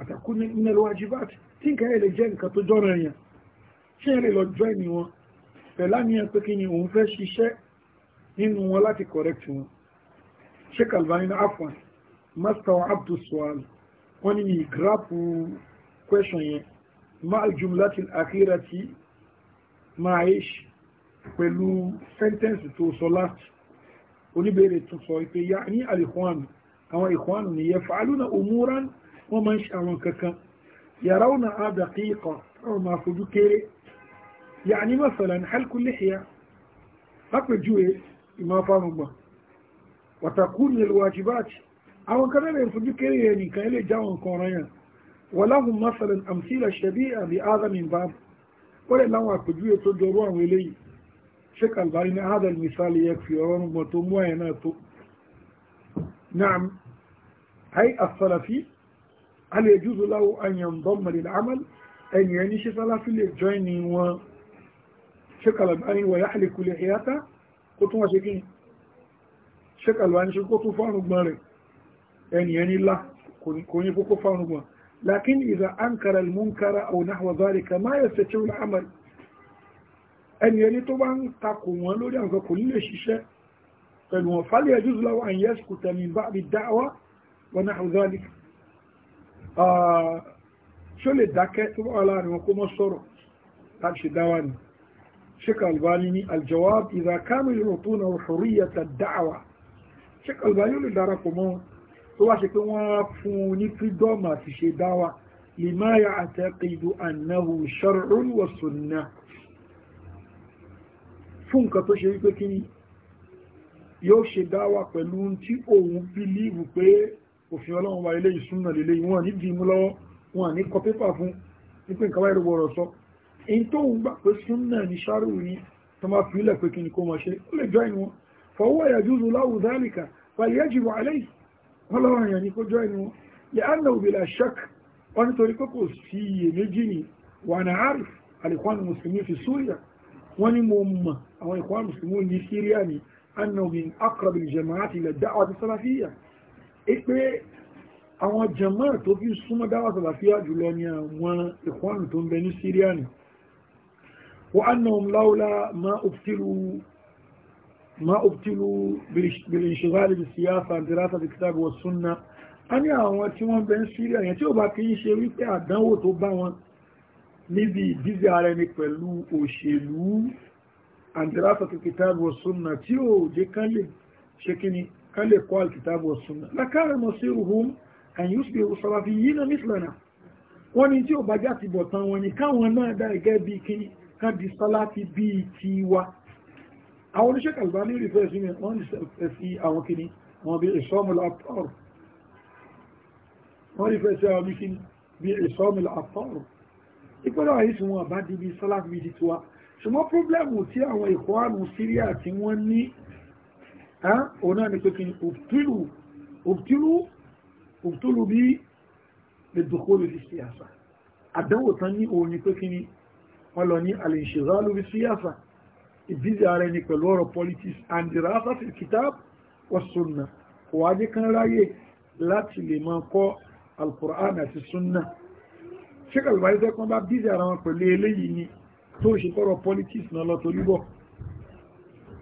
àtàkù min al-wajibat tí nǹkan ẹ̀ jẹ́ nǹkan tó jọ́rọ̀ èèyàn ṣé ẹ lọ jọ́ ẹ̀mí wọn pẹ̀lá ní ẹ pé kí ni òun fẹ́ ṣiṣẹ́ nínú wọn láti correct wọn sheik albani na afwan master wa abdul suwal wọ́n ní mi grapu question yẹn ma aljumlati al-akhirati maish pẹ̀lú sentence tó sọ last oníbèrè tó sọ ìpè ya ní alikhwan àwọn ikhwan ni yẹ fa'aluna umuran wọ́n máa ń ṣe àwọn kankan yarawna a daqiqa àwọn máa fojú kéré ya ní masalan halkul lihya lápẹjúwe ìmọ̀ fáwọn gbọ̀n wàtàkùn ní alwajibati àwọn kan lè fojú kéré yẹn nìkan ilé jáwọn nǹkan ọ̀rọ̀ yẹn wàláhùn masalan amsila shabi'a li hadha min bab wọ́n lè láwọn àpèjúwe tó jọrú àwọn eléyìí sheikh albani ní hadha almisal yakfi ọ̀rọ̀ mọ̀ tó mú àyẹ̀ náà tó naam ay asalafi a lè jùzù láwọ àyàn dọ́mọ̀lì amal ẹni ẹni ṣe salafi lè join wọn sheikh albani wà yá àlèkulè ìyáta kó tún wá ṣe Sheikh Albani ṣe kó tó fárúgbọ́n rẹ̀ ẹni ẹni lá kò ní kókó fárúgbọ́n lakin idha ankara al-munkara aw nahwa dhalika ma yastati'u al-amal ẹni ẹni tó bá ń takò wọn lórí àwọn kò ní lè ṣiṣẹ́ pẹ̀lú wọn fal yajuzu lahu an yaskuta min ba'di ad-da'wa wa nahwa dhalika ṣó lè dákẹ́ tó wà láàrin wọn kó mọ́ sọ̀rọ̀ láti ṣe dáwà ni Sheikh Albani ni al-jawab idha kanu yu'tuna hurriyata ad ṣé kàlùbá yóò lè darapọ̀ mọ́ wọn tó wá ṣe pé wọ́n fún un ní freedom àti ṣe dáwà limaya àtẹ́kìdù annahu shar'un wa sunnah fún nǹkan tó ṣe wípé kí ni yóò ṣe dáwà pẹ̀lú tí òun bílíìvù pé òfin ọlọ́run wa ilé ìsúná lélẹ́ wọn ní dìímú lọ́wọ́ wọn ní kọ pépà fún nípé nǹkan báyìí rọ̀rọ̀ sọ èyí tó ń gbà pé súnà ní ṣáàrù ní tó máa fi ilẹ̀ pé kí kó máa ṣe ó lè jọ ìwọ̀n fọwọ́ ẹ̀yà jùzù láwù dálìkà فليجب عليه والله يعني كل جاي لأنه بلا شك وأنا طريقكم في مجني وأنا عارف الإخوان المسلمين في سوريا وأنا مم أو الإخوان المسلمون في سوريا أنه من أقرب الجماعات إلى الدعوة السلفية إيه àwọn jama'a tó fi súnmọ́ dáwà sàlàfíà jùlọ ni àwọn ìkwánu tó ń bẹ ní síríà ni wọ́n annahum laula ma ubtilu ما ابتلوا بالانشغال بالسياسة عن دراسة الكتاب والسنة أنا ní àwọn tí wọ́n bẹ ń sírí àyàn tí ó bá kí ń ṣe wípé àdánwò tó bá wọn níbi ìdíje ara ẹni pẹ̀lú òṣèlú and dirasa ti kitabu wa sunna tí ó jẹ́ kán lè ṣe kí ni kán lè kọ́ alkitabu wa sunna lákàrẹ̀ sí ruhum and yusbihu àwọn oníṣẹ́ Albani rí fẹ́ sí wọ́n ní sí àwọn kìíní wọ́n bí ìṣọ́mùlá àtọ́rù wọ́n rí fẹ́ sí àwọn kìíní bí ìṣọ́mùlá àtọ́rù ìpínlẹ̀ àyí tí wọ́n bá dìbí sálàfí di tiwa ṣùgbọ́n pọ́blẹ́mù tí àwọn ìkọ́ánù Síríà tí wọ́n ní ọ̀nà ni pé kìíní òbtúlù bí ìdókòlù fi síyàsà àdánwò tán ní òun ni pé kìíní wọ́n lọ ní àlè ìṣèlú ìbízi ara ẹni pẹ̀lú ọ̀rọ̀ politics and the rasas kitab wa sunna kò wájú kan ráyè láti lè máa kọ́ alukur'an àti sunna ṣé kàlùbáyé fẹ́ kán bá bízi ara wọn pẹ̀lú eléyìí ni tó ṣe tọrọ politics náà lọ torí bọ̀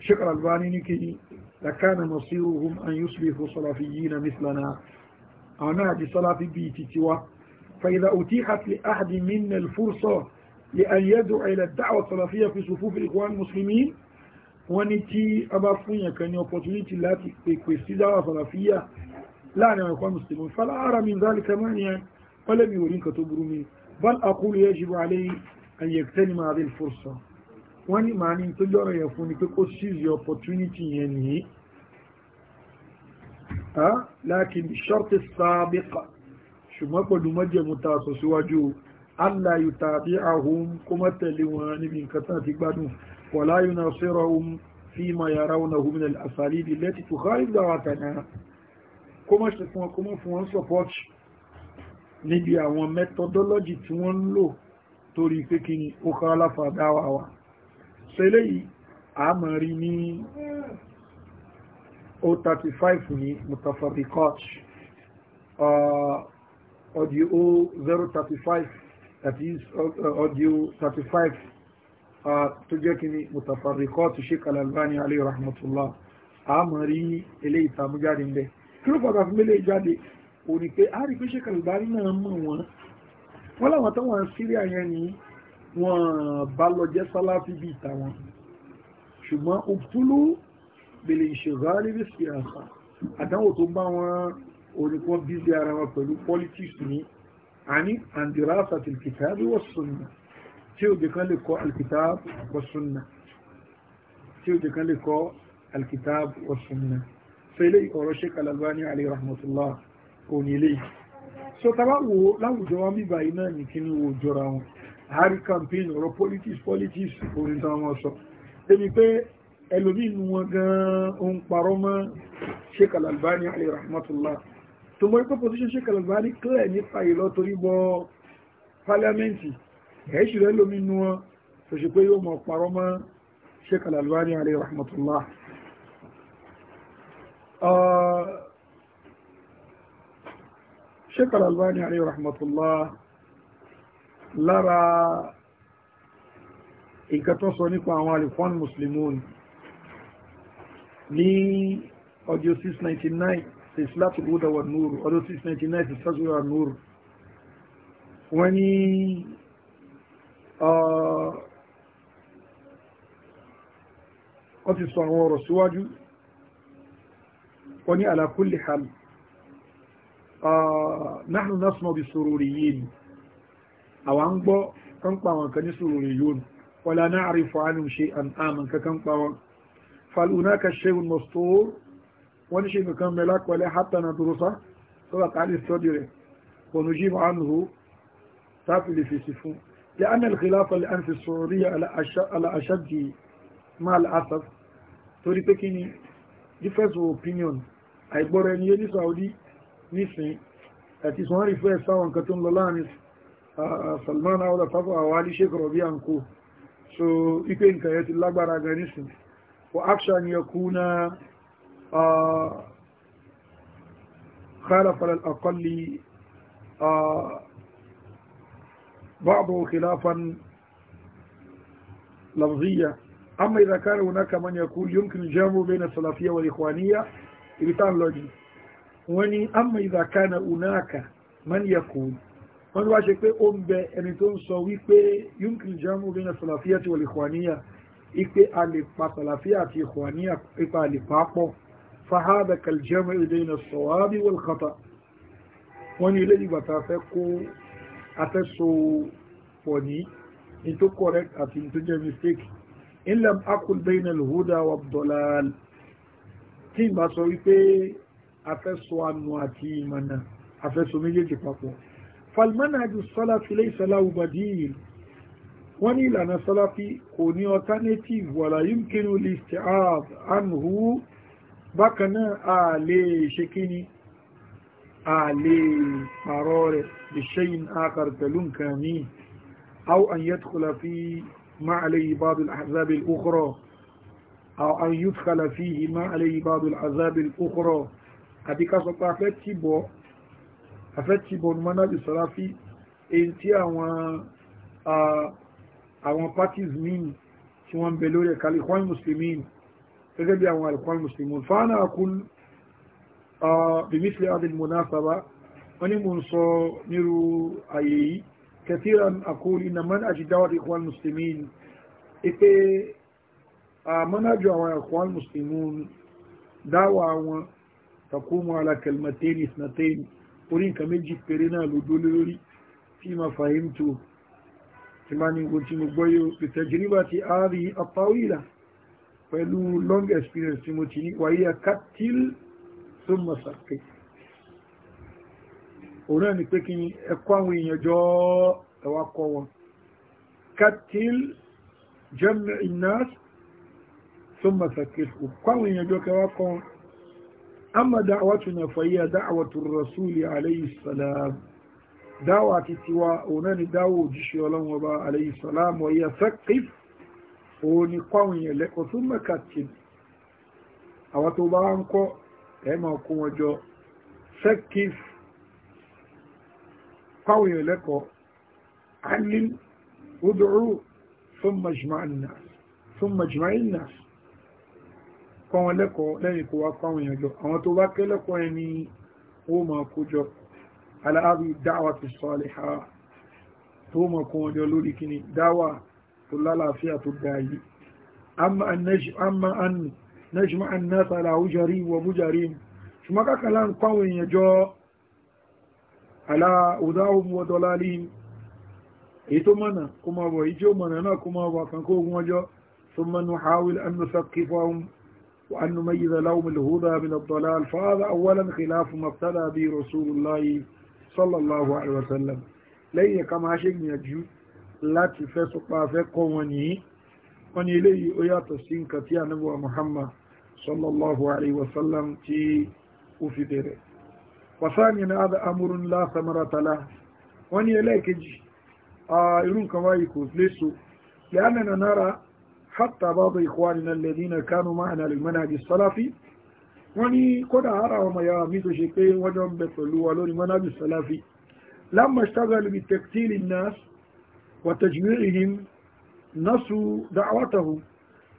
ṣé kàlùbáyé ní kí lakana masiruhum an yusbihu salafiyina mislana àwọn náà salafi bíi titiwa fa idha utihat ahadi minna al-fursa لأن يدعو إلى الدعوة السلفية في صفوف الإخوان المسلمين wọ́n tí a bá fún yẹn kan ní opportunity láti pèpè sí dáwà sàlàfíà láàrin àwọn ẹ̀kọ́ mùsùlùmí fàlàárà mi záàlì kẹmọ́ ni ẹn wọ́lẹ̀ mi ò rí nǹkan tó burú mi bal aqulu yajibu alayhi an yagtanima hadhihi al-fursa wọ́n ní màá ní tó jọ́rọ̀ yẹn fún ni pé kó seize opportunity yẹn nìyí ah, lakin sharti sabiq ṣùgbọ́n pẹ̀lú mọ́jẹ̀mú ta sọ síwájú o allah yutabi'ahum kó má tẹ̀lé wọn níbi nǹkan tán ti gbádùn wala yunasirahum fima yarawnahu min al-asalib allati tukhalif da'watana kó má ṣe fún wọn kó má fún wọn support níbi àwọn methodology tí wọ́n ń lò torí pé kí ni ó kọ́ aláfà dáwà wa ṣẹlẹ̀ yìí a mọ̀ rí ní 035 ní mutafarriqat ọdí ah, 035 that is uh, audio 35 uh, tó jẹ́ kí ni mutafarriqat Sheikh Al-Albani alayhi rahmatullah àmọ́ rí eléyìí tàmújáde ń bẹ́ kí ló pàtàkì mélé jáde ò ní pé a rí pé Sheikh Al-Albani náà mọ̀ wọ́n wọ́n láwọn tó wọ́n síríà yẹn ni wọ́n bá lọ jẹ́ sálàfí bíi tàwọn ṣùgbọ́n òbútúlù bèlè ìṣèwárí bí sí àṣà àdánwò tó bá wọn òní kan bíi ara wọn pẹ̀lú politics ní àní an dirasati al-kitabi was-sunnah tí ó jẹ́ kan lè kọ́ al-kitab was-sunnah tí ó jẹ́ kan lè kọ́ al-kitab was-sunnah fẹ́lẹ́ ọ̀rọ̀ Sheikh Al-Albani alayhi rahmatullah kò ní ilé so tàbá wo láwùjọ wọn bíbá iná ní kí ni wo jọra wọn harry campaign ọ̀rọ̀ politics politics orin tán wọn sọ débi pé ẹlòmínú wọn gan-an ó ń parọ́ mọ́ Sheikh Al-Albani alayhi rahmatullah tó mọ́ ikú position ṣe kalabari clear nípa ìlọ torí bọ pálíámẹ́ǹtì ẹ̀ṣù rẹ̀ lómi nu wọn tó ṣe pé yóò mọ̀ parọ́ mọ́ ṣe kalabari alayhi rahmatullah ṣe kalabari alayhi rahmatullah lára nǹkan tó sọ nípa àwọn alifon muslimun ní ọdún 699 ìsìlátù lóòdà wà núrù ọdún 699 ìsìlátù wà núrù wọ́n ní uh, wọ́n ti sọ àwọn ọ̀rọ̀ síwájú wọ́n ní ala kulli hal uh, nahnu nasma bi sururiyyin àwọn gbọ́ kan pa àwọn kan ní sururiyyun wala na'rifu anhum shay'an aman ka kan pa wọn fal hunaka shay'un mastur wọ́n ní ṣe nìkan mẹ́lá pẹ̀lẹ́ hátànà dúrósá tó bá tààlì sọ́dì rẹ̀ pọ̀nù jí mọ́ àánúhù táàfì lè fèsì fún ya annal khilafa lè an fi sọ̀rí aláṣájì máa la'asaf torí pé kí ni difference of opinion àìgbọ́ra ẹni ní Saudi nísìn àti sọ́n rí fẹ́ sáwọn nǹkan tó ń lọ láàrin Salman awla fafa awali sheikh rabi anko so ipe nǹkan yẹn ti lágbára gan nísìn wa aksha ni yakuna خالف على الأقل بعضه خلافا لفظية أما إذا كان هناك من يقول يمكن الجمع بين السلفية والإخوانية إبتان لوجي وني أما إذا كان هناك من يقول wọ́n wá ṣe pé ó ń bẹ ẹni tó ń sọ wípé yúnkì jẹ́mú bí i sàlàfíà ti wọlé فهذا كالجمع بين الصواب والخطأ وني لي بتافكو أتسو وني انتو كوريك أتنتو مستيك إن لم أقل بين الهدى والضلال tí bá sọ wípé afẹ́sọ ànù àti ìmọ̀nà afẹ́sọ méjèèjì papọ̀. falmana ju sọ́láfí léṣẹ́lá ubadi yìí wọ́n ní ìlànà sọ́láfí kò ní alternative wàlá yìí kí ní olè ṣe àánú bákan náà a lè ṣe kí ni a lè pàrọ̀ rẹ̀ lè ṣẹ́yìn akar pẹ̀lú nǹkan ní aw an yadkhula fi ma alayhi ba'd al-ahzab al-ukhra aw an yudkhala fihi ma alayhi ba'd al-ahzab al-ukhra àti ká sọ pé afẹ́ tí bọ̀ afẹ́ tí bọ̀ èyí tí àwọn àwọn parties tí wọ́n ń bẹ lórí muslimin gẹ́gẹ́ bí àwọn alukwan musulmi fana akul bimithli adil munasaba wọ́n ni mo ń sọ nírú ayé yìí kẹtìrán akul iná man ajidáwà ikwan musulmi ipe manájú àwọn alukwan musulmi dáwà àwọn takumu ala kalmatain isnatain orí nǹkan méjì péré náà ló dólé lórí ma fahimtu tí ma ní ogun tí mo gbọ́yọ́ ìtẹ̀jìríbà ti pẹ̀lú long experience tí mo ti ní wáyé akátil tó mọ̀ sàkè òun náà ni pé kí ni ẹkọ́ àwọn èèyàn jọ ẹwà kọ wọn katil jẹ́mì ináàs tó mọ̀ sàkè òkọ́ àwọn èèyàn jọ kẹwà kọ wọn amma da'watuna fa hiya da'watu rasuli alayhi salam da'wa titiwa onani dawo jishi olonwa ba alayhi salam wa hiya saqif òun ni kọ́ àwọn èèyàn lẹ́kọ̀ọ́ tó mẹ́ka tì ní àwọn tó bá ń kọ́ ẹ̀ máa kó wọn jọ sẹ́kìf kọ́ àwọn èèyàn lẹ́kọ̀ọ́ alil ud'u thumma ijma'in nas thumma ijma'in nas kọ́ wọn lẹ́kọ̀ọ́ lẹ́yìn kó wá kọ́ àwọn jọ àwọn tó bá kẹ́ lẹ́kọ̀ọ́ ẹni ó máa kó jọ aláàbí dáwà ti sọ àlẹ́ ha tó máa kó wọn lórí kíni dáwà كل العافية الدائي أما أن, نج... أما أن نجمع الناس على وجري ومجرم ثم كلام قوي يجو على وداهم وضلالهم إيتو كما هو إيجو منا كما هو فنكوهم وجو ثم نحاول أن نثقفهم وأن نميز لهم الهدى من الضلال فهذا أولا خلاف ما ابتدى به رسول الله صلى الله عليه وسلم لي كما شيء من الجود láti fẹ́ sọpá fẹ́ kọ́ wọn ní wọ́n ní eléyìí ó yàtọ̀ sí nǹkan tí ànábì wa Muhammad sallallahu alaihi wasallam tí ó fi bẹ̀rẹ̀ wasani na ada amurun la wọ́n ní ẹlẹ́ẹ̀kejì irú nǹkan wáyìí kò léso lẹ́yìn náà حتى بعض إخواننا الذين كانوا معنا للمنهج السلفي وني كنا أرى وما ياميت شيء وجنب بطلوا للمنهج السلفي لما اشتغل بتكتيل الناس وتجميعهم نصوا دعوتهم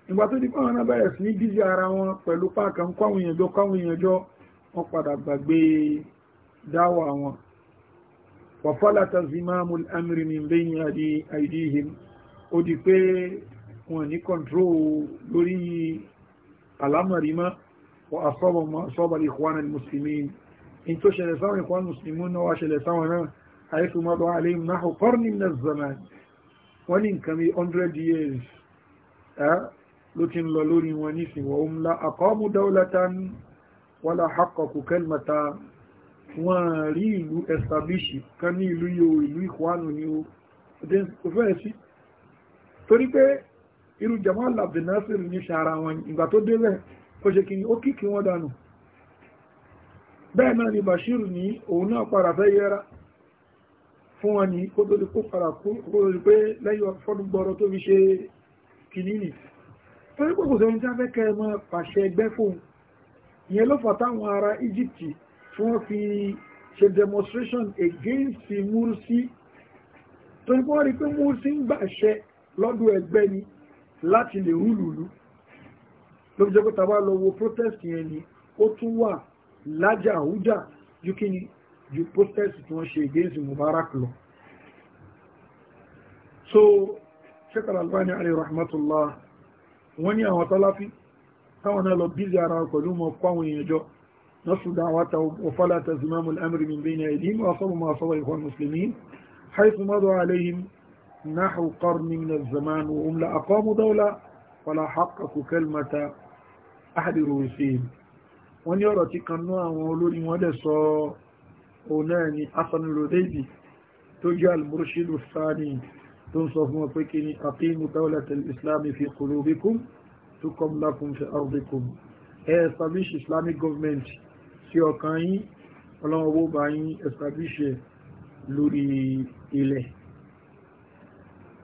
ìgbà tó di pọ́nà bẹ̀rẹ̀ sí ní bízi ara wọn pẹ̀lú páàkà ń kọ́wọ̀n èèyàn jọ kọ́wọ̀n èèyàn jọ wọ́n padà gbàgbé dáwà wọn wàfọ́látà zimamu amiri ní bẹ́yìn àdí àìdíhìn ó di pé wọn ní kọ́ntró asọ́bọ̀ mọ́ asọ́bọ̀ ìkwánà mùsùlùmí in tó ṣẹlẹ̀ sáwọn ìkwánà mùsùlùmí náà wá ṣẹlẹ̀ sáwọn náà àyẹ́tù mọ́bà aléhùn náà kọ́rùn-ún ní zaman wọ́n ní nǹkan bí 100 years ló ti ń lọ lórí wọn nísìn wọ́n ń la àkọ́mú dáúlátán wọ́n la hakọ̀kù kẹ́lmọ̀ta wọ́n rí ìlú establish kan ní ìlú yóò ìlú ìkwánu ni ó fẹ́ sí torí pé irú Jamal Abdel Nasir ní ṣàrà wọn ìgbà tó délẹ̀ ó ṣe kìí ó kíkì wọn dànù bẹ́ẹ̀ náà ni Bashir ní òun náà padà fẹ́ yẹra fún wọn ní kó tó lè kó padà kó tó lè pé lẹ́yìn fọ́dún gbọ́rọ̀ tó fi ṣe kìnínì torí pé kò sọ ní sáfẹ́ pàṣẹ ẹgbẹ́ fún ìyẹn ló fà táwọn ará Egypt tí wọ́n fi ṣe demonstration against Mursi torí pé wọ́n rí pé Mursi ń gbàṣẹ lọ́dún ẹgbẹ́ ni láti lè húlùlù ló fi jẹ́ pé tàbá lọ wo protest yẹn ni ó tún wà lájà àwújà ju kí ni ju protest tí wọ́n ṣe against Mubarak lọ so Sheikh Al-Albani alayhi rahmatullah wọ́n ní àwọn tọ́láfí táwọn náà lọ bízi ara pẹ̀lú mọ̀ pàwọn èèyàn jọ nasu da'wata wa fala tazimamu al-amri min bayni aydihim wa asabu ma asaba ikhwan muslimin haythu madu alayhim nahwu qarni min az-zaman wa hum la aqamu dawla wala haqqaqu kalmata ahadi ru'usihim wọ́n ní ọ̀rọ̀ tí kan náà àwọn olórí wọn onáàni asanulodébi tó jẹ́ almurshidu sani tó ń sọ fún wọn pé kí ni aqimu dawlata al-islami fi qulubikum tukum lakum fi ardikum ẹ establish islamic government sí ọkàn yín ọlọ́wọ́ bó bá yín establish lórí ilẹ̀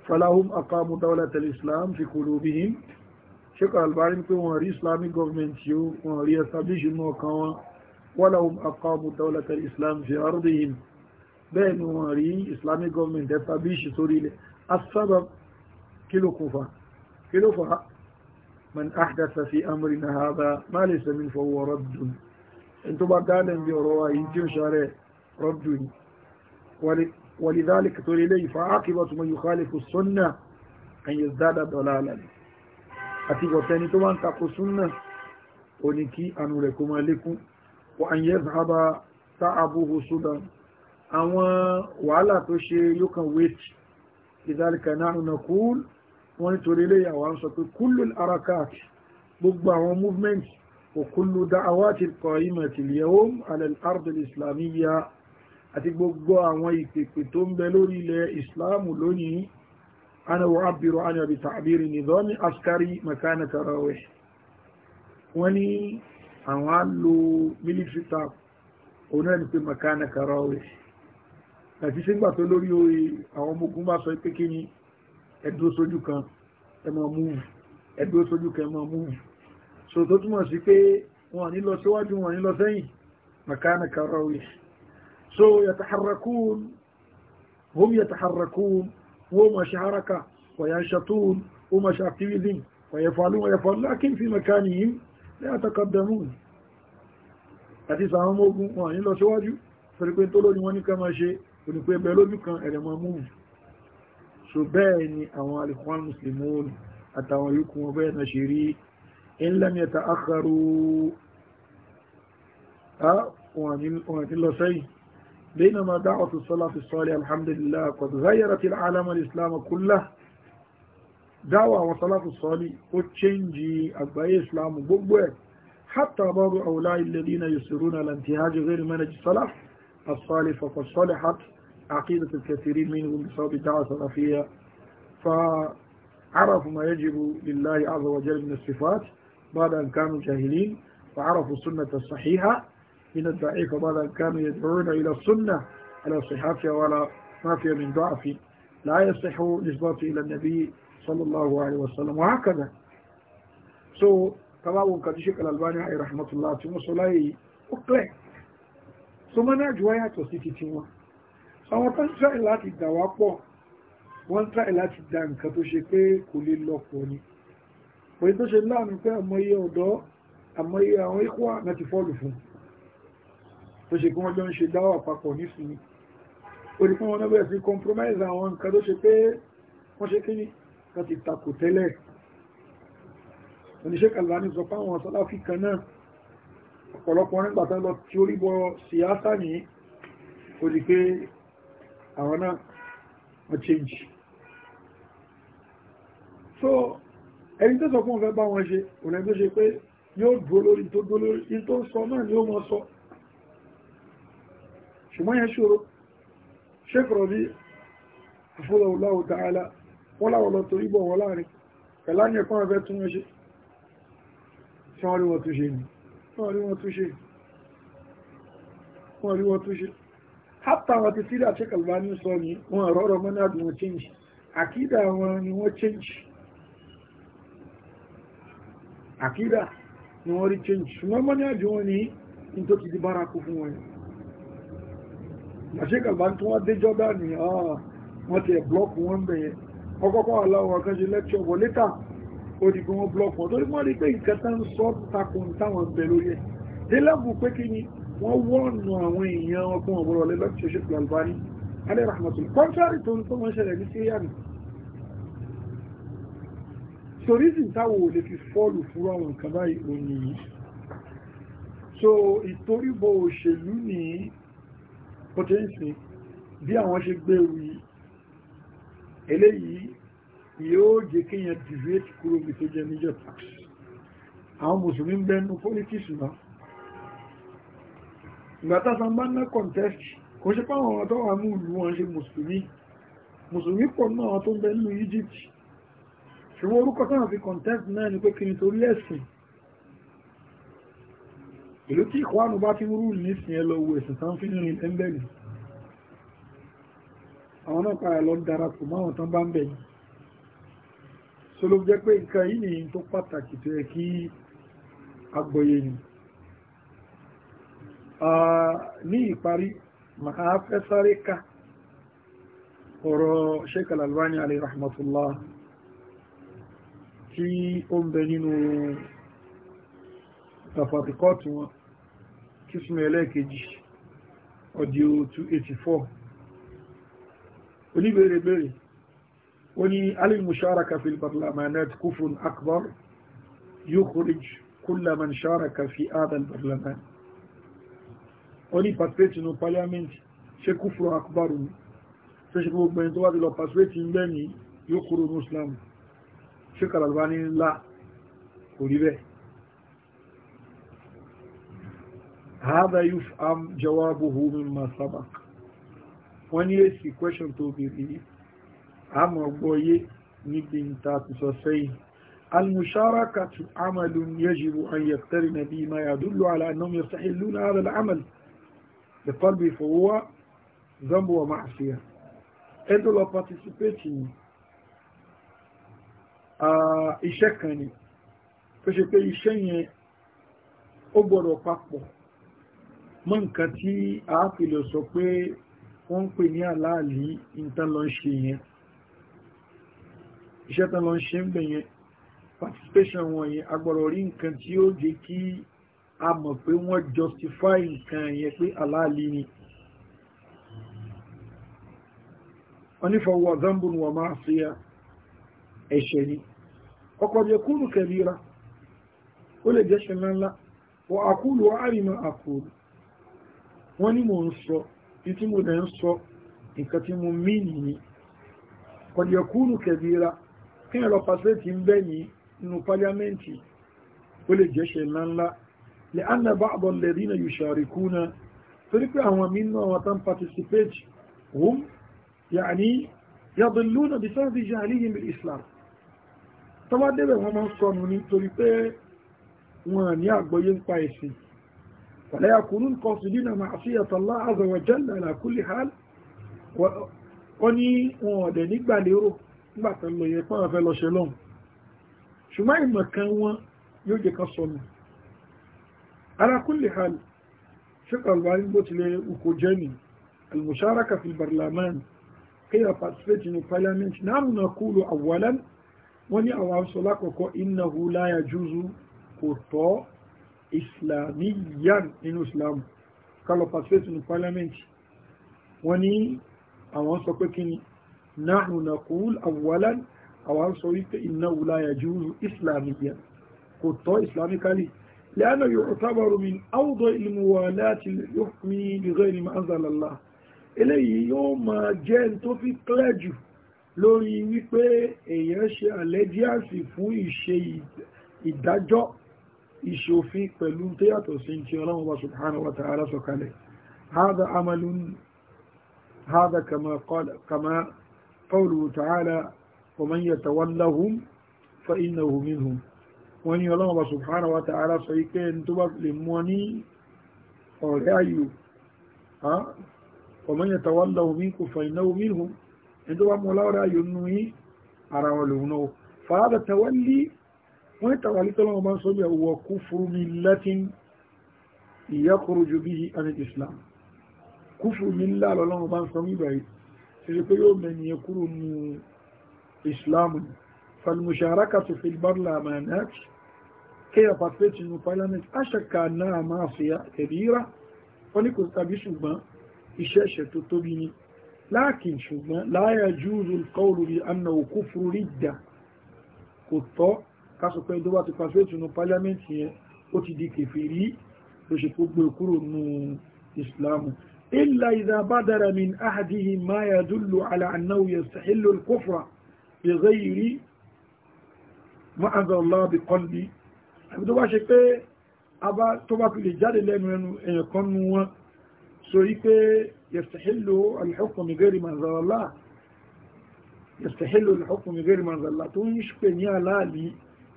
falahum aqamu dawlata al-islam fi qulubihim ṣíkọ̀ albárin pé wọ́n rí islamic government yóò wọ́n rí establish inú ọkàn wọn ولهم أقاموا دولة الإسلام في أرضهم بين وري إسلامي دفع بيش سوري السبب كيلو كفا كيلو فا من أحدث في أمرنا هذا ما ليس من فهو رد انتو بردالن بيروا انتو شاري رد ولذلك لي فعاقبة من يخالف السنة أن يزداد ضلالا أتي تاني تو أنت أقو سنة ونكي أنو لكم لكم wọ́n yẹ́ zaba sáàbùhù sudan àwọn wàhálà tó ṣe yóò kan wéètì ìdálìkà náà nà kúl wọ́n nítorí lè yàwó ń sọ pé kúlù arakat gbogbo àwọn movement òkúlù dáhàwátì kọ̀ọ̀yìmọ̀ tìlẹ̀hóm alẹ́lárùdìl islamiyya àti gbogbo àwọn ìpèpè tó ń bẹ lórí ilẹ̀ islam lónìí ana wa abiru ana bi ta'biri nizami askari makana tarawih wani àwọn á lo military tap òun náà ni pé makana karawe àti ṣégbà tó lórí orí àwọn ọmọ ogun bá sọ pé kí ni ẹdúró sójú kan ẹ máa múùvù ẹdúró sójú kan ẹ máa múùvù so tó túmọ̀ sí pé wọn ní lọ síwájú wọn ní lọ sẹ́yìn makana karawe so yataharrakun hum yataharrakun wọ́n máa ṣe haraka wa yanshutun wọ́n máa ṣe activism wa yafalun wa yafalun lakin fi makanihim látàkàbẹ̀mùn àti sàwọn ọmọ ogun wọn ní lọ síwájú fẹ́rẹ́pẹ́ tó lórí wọn ní ká máa ṣe onípe ẹgbẹ́ lójú kan ẹ̀rẹ̀mọ́ múùn so bẹ́ẹ̀ ni àwọn alìkwan muslimun àtàwọn yòókù wọn بينما دعوة الصلاة الصالح الحمد لله قد غيرت العالم الإسلام كله dáwà àwọn sálàfù sọ́lì ó chẹ́njì àgbáyé islam gbogbo ẹ̀ hátà bọ́rù àwòlá ilẹ̀ dínà yòsùrù náà làǹtí hajj rẹ̀ mẹ́nẹ̀jì sálàf asọ́lì fọ̀fọ̀ sọ́lì hat àkídà tẹ̀tẹ̀rì mínú sọ́bì dáwà sálàfíà fa عرفوا ما يجب لله عز وجل من الصفات بعد أن كانوا جاهلين وعرفوا السنة الصحيحة من الضعيف بعد أن كانوا يدعون إلى السنة على صحافها ولا ما فيها من ضعف لا يصح نسبته إلى النبي sallallahu alaihi wasallam wa haka da so tabawon kan shi kalalbani a rahmatullah tí wọ́n sọ láyé yìí so mọ́nà jù wáyà tó sí títí wọn àwọn tó ń tẹ́ láti dà wá pọ̀ wọ́n tẹ́ láti dà nǹkan tó ṣe pé kò lè lọ pọ̀ ni òye tó ṣe láàánú pé àmọye ọ̀dọ́ àmọye àwọn ikú náà ti fọ́ọ̀lù fún tó ṣe kí wọ́n jọ ń ṣe dáwà papọ̀ nísìnyí ó di pé náà bẹ̀rẹ̀ sí compromise àwọn nǹkan tó ṣe pé wọ́n ṣe kí ni kan ti takò tẹ́lẹ̀ oníṣẹ́ Albani sọ fáwọn sàláfì kan náà ọ̀pọ̀lọpọ̀ nígbà tán lọ tí ó ríbọ síyásá ní ó di pé àwọn náà wọ́n change so ẹni tó sọ fún ọ̀fẹ́ bá wọn ṣe òun ẹgbẹ́ ṣe pé yóò dúró lórí tó dúró lórí in tó sọ náà ni ó mọ́ sọ ṣùgbọ́n yẹn ṣòro ṣékọ̀rọ̀ bí afọ́lọ́wọ́láwọ́ dáadáa wọ́n láwọn lọ torí bọ̀ wọ́n láàrin pẹ̀lá ní ẹ̀kọ́ ẹ̀fẹ́ tún ṣe tí wọ́n rí wọn tún ṣe ní wọ́n rí wọn tún wọ́n rí hátà wọn ti sílẹ̀ àti kàlùbá ní sọ ní wọn rọrọ mọ́ náà wọn change àkídà wọn ni wọ́n change àkídà ni wọ́n rí change ṣùgbọ́n mọ́ náà jù wọn ní nítorí ti di bárakú fún wọn àṣekàlùbá tí wọ́n dé jọ́dá ni ah, wọ́n ti ẹ̀ blọ́ọ̀kù wọn bẹ̀yẹn ọkọ́kọ́ aláwọ̀ akẹ́jẹ́ lẹ́kṣọ́ bọ̀ létà òdìgbò wọn blọọkù wọn torí wọ́n rí pé ìkẹta ń sọ takùn táwọn bẹ̀ lórí ẹ̀ délẹ́bù pé kí ni wọ́n wọ́ọ̀nù àwọn èèyàn ọgbọ́n ọ̀bọ̀rọ̀ lẹ́lọ́kṣọ́ ṣe pẹ̀lú alẹ́ rahmatul contrary tó tó wọ́n ṣẹlẹ̀ ní syria ni so reason táwọn ò lè fi fọ́ọ̀lù fúru àwọn nǹkan báyìí ò nìyí so ìtoríbọ̀ òṣèlú ní potensi bí àwọn ṣe gbé wí eléyìí yóò jẹ́ kíyàn dìbẹ́tì kúrò bí tó jẹ́ níjọta àwọn mùsùlùmí ń bẹnu politics náà ìgbàtà sanbá ná contest kò ṣe pàwọn ọ̀rọ̀ tó wà mú ìlú wọn ṣe mùsùlùmí mùsùlùmí pọ̀ náà tó ń bẹ nínú Egypt ṣùgbọ́n orúkọ táwọn fi contest náà ni pé kí ni torí ẹ̀sìn ìlú tí ìkọ́ ànúbá ti ń rú nísìnyẹn lọ wo ẹ̀sìn tán fi ń rin ẹ̀ńbẹ̀lì àwọn náà padà lọ darapọ̀ mọ́ àwọn tán bá ń bẹ̀ yìí so ló jẹ́ pé nǹkan yìí nìyí tó pàtàkì tó yẹ kí agbóye ni ní ìparí Sheikh Al-Albani alayhi rahmatullah tí ó ń bẹ nínú kí ẹlẹ́ẹ̀kejì 284 ليبريبري وني على المشاركة في البرلمانات كفر أكبر يخرج كل من شارك في هذا البرلمان وني باسبيتي نو بارلمان شي كفر أكبر فاش بو بين دو لو باسبيتي ندني يخرج مسلم شكر الباني لا وليبي هذا يفهم جوابه مما سبق wọ́n ní èsì question tó bèèrè yìí àmọ́ gbọ́yé níbi ìta ti sẹ́yìn المشاركة عمل يجب أن يقترن به يدل على أنهم يستحلون هذا العمل بقلب فهو ذنب ومعصية ẹ̀dọ́ lọ participate ní iṣẹ́ kan ni tó ṣe pé iṣẹ́ yẹn ó mọ́ nǹkan tí a fi lè sọ pé wọ́n ń pè ní aláàlì ìtànlọ́ṣe yẹn iṣẹ́ tán lọ ṣe ń bẹ̀ yẹn participation wọn yẹn agbọ̀rọ̀ rí nǹkan tí ó jẹ́ kí a mọ̀ pé wọ́n justify nǹkan yẹn pé aláàlì ni wọ́n ní fọwọ́ zambun wọ́n máa fi ya ẹ̀ṣẹ̀ ni ọkọ̀ jẹ́ kúrú kẹbíra ó lè jẹ́ ṣe ńlá wọ́n àkúlù wọ́n àrìmọ̀ àkúlù wọ́n ní mò ń sọ títí mo dẹ̀ ń sọ nǹkan tí mo mí nìyí kọ̀díẹ̀kúrù kẹbíra kí ẹ̀rọ pàṣẹ́tì ń bẹ́ yìí nínú pálíámẹ́ǹtì ó lè jẹ́ṣẹ̀ ńláńlá lè á nàbà àbọ̀ lẹ́rí na yùṣàríkú na torí pé àwọn mínú àwọn tán فلا يكونون قاصدين معصية الله عز وجل على كل حال wọ́n ní wọn ọ̀dẹ̀ nígbà lérò nígbàtà lọ yẹ fún àfẹ́ lọ́ṣẹ́ lọ́n ṣùgbọ́n ìmọ̀ kan wọn yóò jẹ́ kan sọnù ala kulli hal ṣíkà alwari bó tilẹ̀ ukò jẹ́ ni almusharaka fil barlamani kíyà participate in parliament náà nà kúlù awwalan wọ́n ní àwọn sọ lákọ̀ọ́kọ́ innahu la yajuzu kò tọ́ islamiyan nínú islam kálọ̀ pàṣẹ́tù ní parliament wọ́n ní àwọn sọ pé kíni nahnu naqul awwalan àwọn sọ wípé innahu la yajuzu islamiyan kò tọ́ islamically لأنه يعتبر من أوضع الموالاة للحكم بغير ما أنزل الله eléyìí yóò máa jẹ́ ní tó fi clear jù lórí wípé èèyàn ṣe allegiance fún ìṣe ìdájọ́ ìṣòfin pẹ̀lú tó yàtọ̀ sí tí ọlọ́run wa subhanahu wa ta'ala sọ̀kalẹ̀ هذا عمل هذا كما قال كما قوله تعالى ومن يتولهم فإنه منهم wọ́n ní ọlọ́run wa subhanahu wa ta'ala sọ ike tó bá lè mọ́ ní ọ̀rẹ́ ayò ومن يتولهم منكم فإنه منهم ẹni tó bá mọ́ láwọ́rẹ́ ayò nínú yí ara wọn lòun náà فهذا تولي wọ́n tàwà lítọ́lọ́wọ́ bá ń sọ bí àwọ̀ kú fún mi latin ìyẹ́kùrù jù bí an islam kú fún mi lálọ́lọ́wọ́ bá ń sọ mí báyìí ti rí pé yóò mẹ́ni yẹ kúrò ní islam falmusharaka tó fi barlamanat kéyà pàtẹ́tì ní parliament aṣaka náà máa fi kẹbíra wọ́n ní kásọ pé tó bá ti pàṣẹ́tù nù pálíámẹ́ǹtì yẹn ó ti di kèfèrí ló ṣe kó gbé e kúrò nù ìsìláàmù illa idha badara min ahadihim ma yadullu ala annahu yastahillu al-kufra bi ghayri ma anzala bá ṣe pé tó bá fi lè jáde lẹ́nu ẹnu èèyàn tó ń ṣe pè ní aláàlì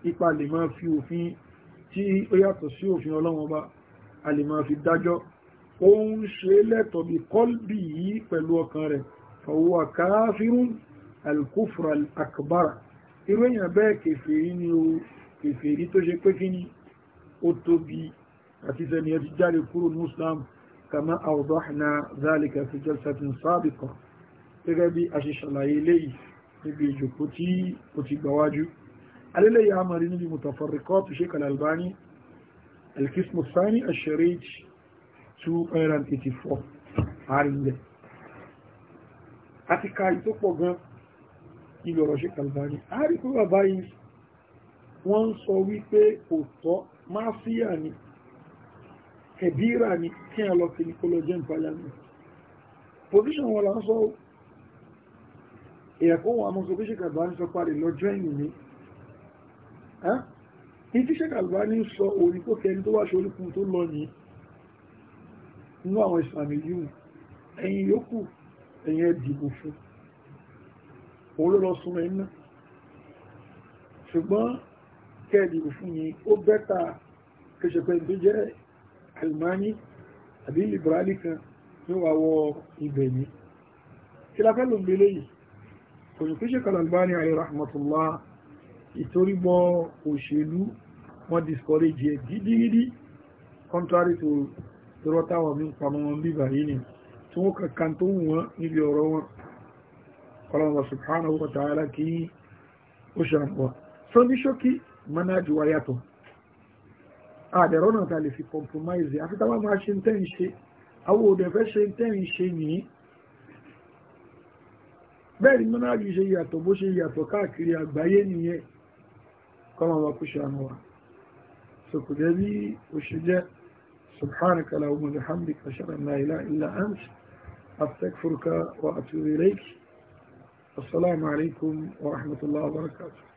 ipa lè máa fi òfin tí ó yàtọ̀ sí òfin ọlọ́run ọba a lè máa fi dájọ́ ó ń ṣe lẹ́tọ̀ bí kọ́lbì yìí pẹ̀lú ọkàn rẹ̀ fọwọ́ káfírún alkufra akbara irú èèyàn bẹ́ẹ̀ kèfèrí ni o kèfèrí tó ṣe pé kí ni ó tóbi àti sẹ́ni ẹ ti jáde kúrò ní Islam kama awdahna zalika fi jalsatin sabiqa gẹ́gẹ́ bí a ṣe ṣàlàyé léyìí níbi ìjòkó tí ó ti gbàwájú alẹ́lẹ́ yà mọ̀rí níbi mutafarriqat Sheikh al-Albani al-qismu thani al-sharih 284 àrílẹ̀ àti káyí tó pọ̀ gan ilẹ̀ ọ̀rọ̀ Sheikh al-Albani àrí pé bàbá yìí wọ́n ń sọ wípé kò tọ́ máa síyà ni kẹbíra ni kí a lọ kìí kó lọ jẹ́ ìpàlẹ́mù position wọn là ń sọ ẹ̀kọ́ wọn àmọ́ sọ pé Sheikh al-Albani sọ parí lọ́jọ́ ìyìn ni ní tí ṣẹ́kà lọ́wọ́ ní sọ orí tó kẹni tó wá ṣe oríkun tó lọ ní inú àwọn ìsàmì yìí ẹ̀yìn yókù ẹ̀yìn ẹ̀dìbò fún òun ló lọ súnmọ́ iná ṣùgbọ́n kẹ́ẹ̀dìbò fún ni ó bẹ́ta kẹsẹ̀pẹ́ tó jẹ́ Almani àbí liberali kan ní wà wọ ibẹ̀ ní kí la fẹ́ ìtorígbọ òṣèlú wọ́n discourage ẹ̀ gidigidi contrary to ìrọ́tàwọ̀ mi pàmọ́ wọn bí bàyí ni tí wọ́n kankan tó wù wọ́n níbi ọ̀rọ̀ wọn ọlọ́wọ́ subhanahu wa ta'ala kí ó ṣàrànwọ́ so ní ṣókí manage wa yàtọ̀ àdẹ̀rọ̀ náà ta lè fi compromise àfi táwọn máa ṣe ń tẹ́ ń ṣe àwọn òdẹ̀ fẹ́ ṣe ń tẹ́ ṣe yìí bẹ́ẹ̀ ni manage ṣe yàtọ̀ bó ṣe yàtọ̀ káàkiri àgbáyé nìyẹn كما هو هو سكدني وشجاء سبحانك اللهم وبحمدك أشهد أن لا إله إلا أنت أستغفرك وأتوب إليك السلام عليكم ورحمة الله وبركاته